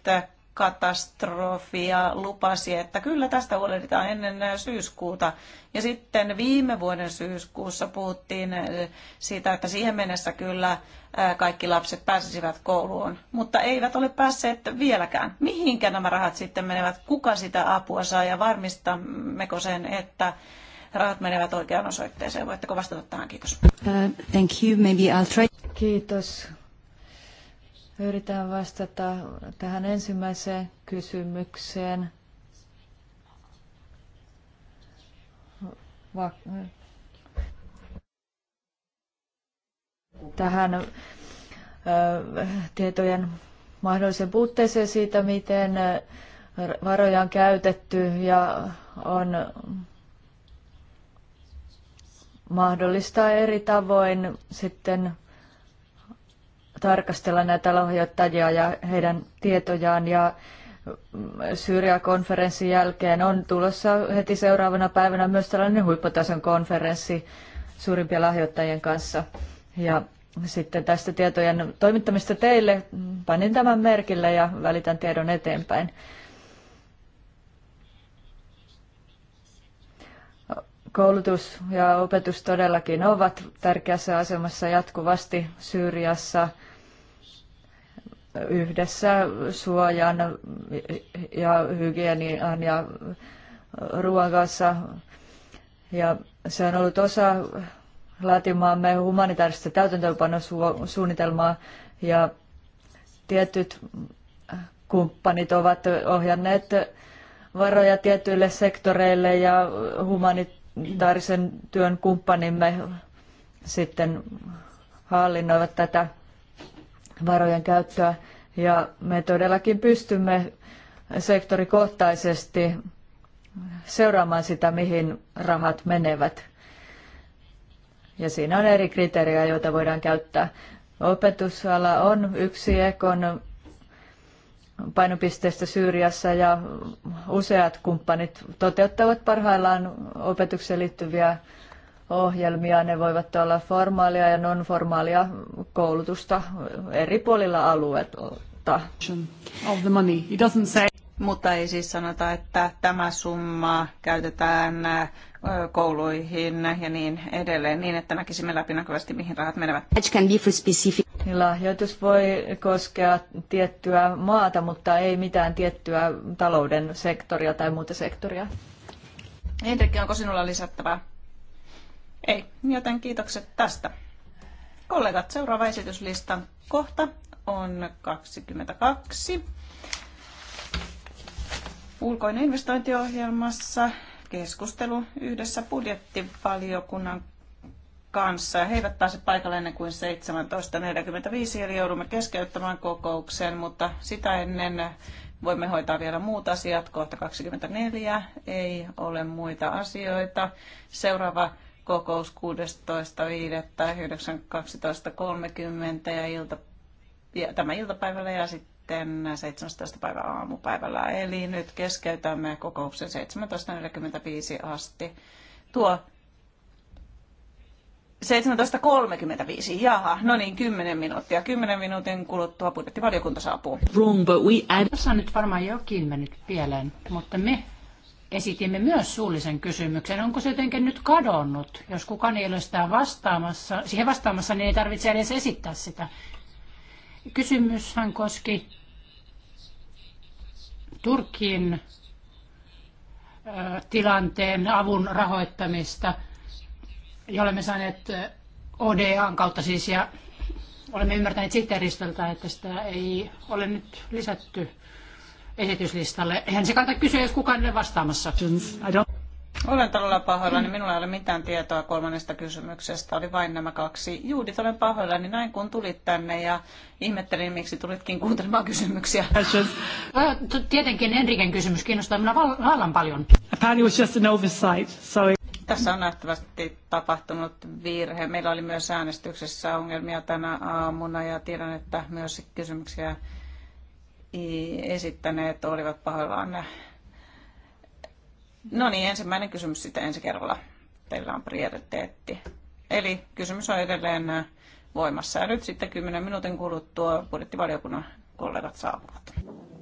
katastrofia lupasi, että kyllä tästä huolehditaan ennen syyskuuta. Ja sitten viime vuoden syyskuussa puhuttiin eh, siitä, että siihen mennessä kyllä eh, kaikki lapset pääsisivät kouluun, mutta eivät ole päässeet vieläkään. Mihinkä nämä rahat sitten menevät, kuka sitä apua saa ja varmistammeko sen, että rahat menevät oikeaan osoitteeseen. Voitteko vastata tähän? Kiitos. Uh, thank you. Maybe I'll try. Kiitos. Yritän vastata tähän ensimmäiseen kysymykseen. Va- tähän ö, tietojen mahdolliseen puutteeseen siitä, miten varoja on käytetty ja on mahdollista eri tavoin sitten tarkastella näitä lahjoittajia ja heidän tietojaan ja Syyria-konferenssin jälkeen on tulossa heti seuraavana päivänä myös tällainen huipputason konferenssi suurimpien lahjoittajien kanssa. Ja sitten tästä tietojen toimittamista teille panin tämän merkille ja välitän tiedon eteenpäin. Koulutus ja opetus todellakin ovat tärkeässä asemassa jatkuvasti Syyriassa – yhdessä suojan ja hygienian ja ruoan kanssa. Ja se on ollut osa laatimaamme humanitaarista täytäntöönpanosuunnitelmaa ja tietyt kumppanit ovat ohjanneet varoja tietyille sektoreille ja humanitaarisen työn kumppanimme sitten hallinnoivat tätä varojen käyttöä ja me todellakin pystymme sektorikohtaisesti seuraamaan sitä, mihin rahat menevät. Ja siinä on eri kriteerejä, joita voidaan käyttää. Opetusala on yksi Ekon painopisteistä Syyriassa ja useat kumppanit toteuttavat parhaillaan opetukseen liittyviä ohjelmia. Ne voivat olla formaalia ja nonformaalia koulutusta eri puolilla alueelta. Mutta ei siis sanota, että tämä summa käytetään kouluihin ja niin edelleen, niin että näkisimme läpinäkyvästi, mihin rahat menevät. Niin lahjoitus voi koskea tiettyä maata, mutta ei mitään tiettyä talouden sektoria tai muuta sektoria. Henrikki, onko sinulla lisättävää? Ei, joten kiitokset tästä. Kollegat, seuraava esityslistan kohta on 22. Ulkoinen investointiohjelmassa keskustelu yhdessä budjettivaliokunnan kanssa. He eivät pääse paikalle ennen kuin 17.45, eli joudumme keskeyttämään kokouksen, mutta sitä ennen voimme hoitaa vielä muut asiat. Kohta 24 ei ole muita asioita. Seuraava kokous 16.5.9.12.30 ja, ilta, ja tämä iltapäivällä ja sitten 17. päivä aamupäivällä. Eli nyt keskeytämme kokouksen 17.45 asti. Tuo 17.35, jaha, no niin, 10 minuuttia. 10 minuutin kuluttua budjettivaliokunta saapuu. Wrong, but we add... Tässä on nyt varmaan jokin mennyt pieleen, mutta me esitimme myös suullisen kysymyksen. Onko se jotenkin nyt kadonnut? Jos kukaan ei ole sitä vastaamassa, siihen vastaamassa, niin ei tarvitse edes esittää sitä. Kysymyshän koski Turkin tilanteen avun rahoittamista, ja olemme saaneet ODAn kautta siis, ja olemme ymmärtäneet sihteeristöltä, että sitä ei ole nyt lisätty esityslistalle. Eihän se kannata kysyä, jos kukaan ei ole vastaamassa. Olen todella pahoillani. Minulla ei ole mitään tietoa kolmannesta kysymyksestä. Oli vain nämä kaksi. Juudit, olen pahoillani näin kun tulit tänne ja ihmettelin, miksi tulitkin kuuntelemaan kysymyksiä. Tietenkin Enriken kysymys kiinnostaa minua vallan paljon. Tässä on nähtävästi tapahtunut virhe. Meillä oli myös äänestyksessä ongelmia tänä aamuna ja tiedän, että myös kysymyksiä esittäneet olivat pahoillaan. No niin, ensimmäinen kysymys sitä ensi kerralla. Teillä on prioriteetti. Eli kysymys on edelleen voimassa. Ja nyt sitten 10 minuutin kuluttua budjettivaliokunnan kollegat saapuvat.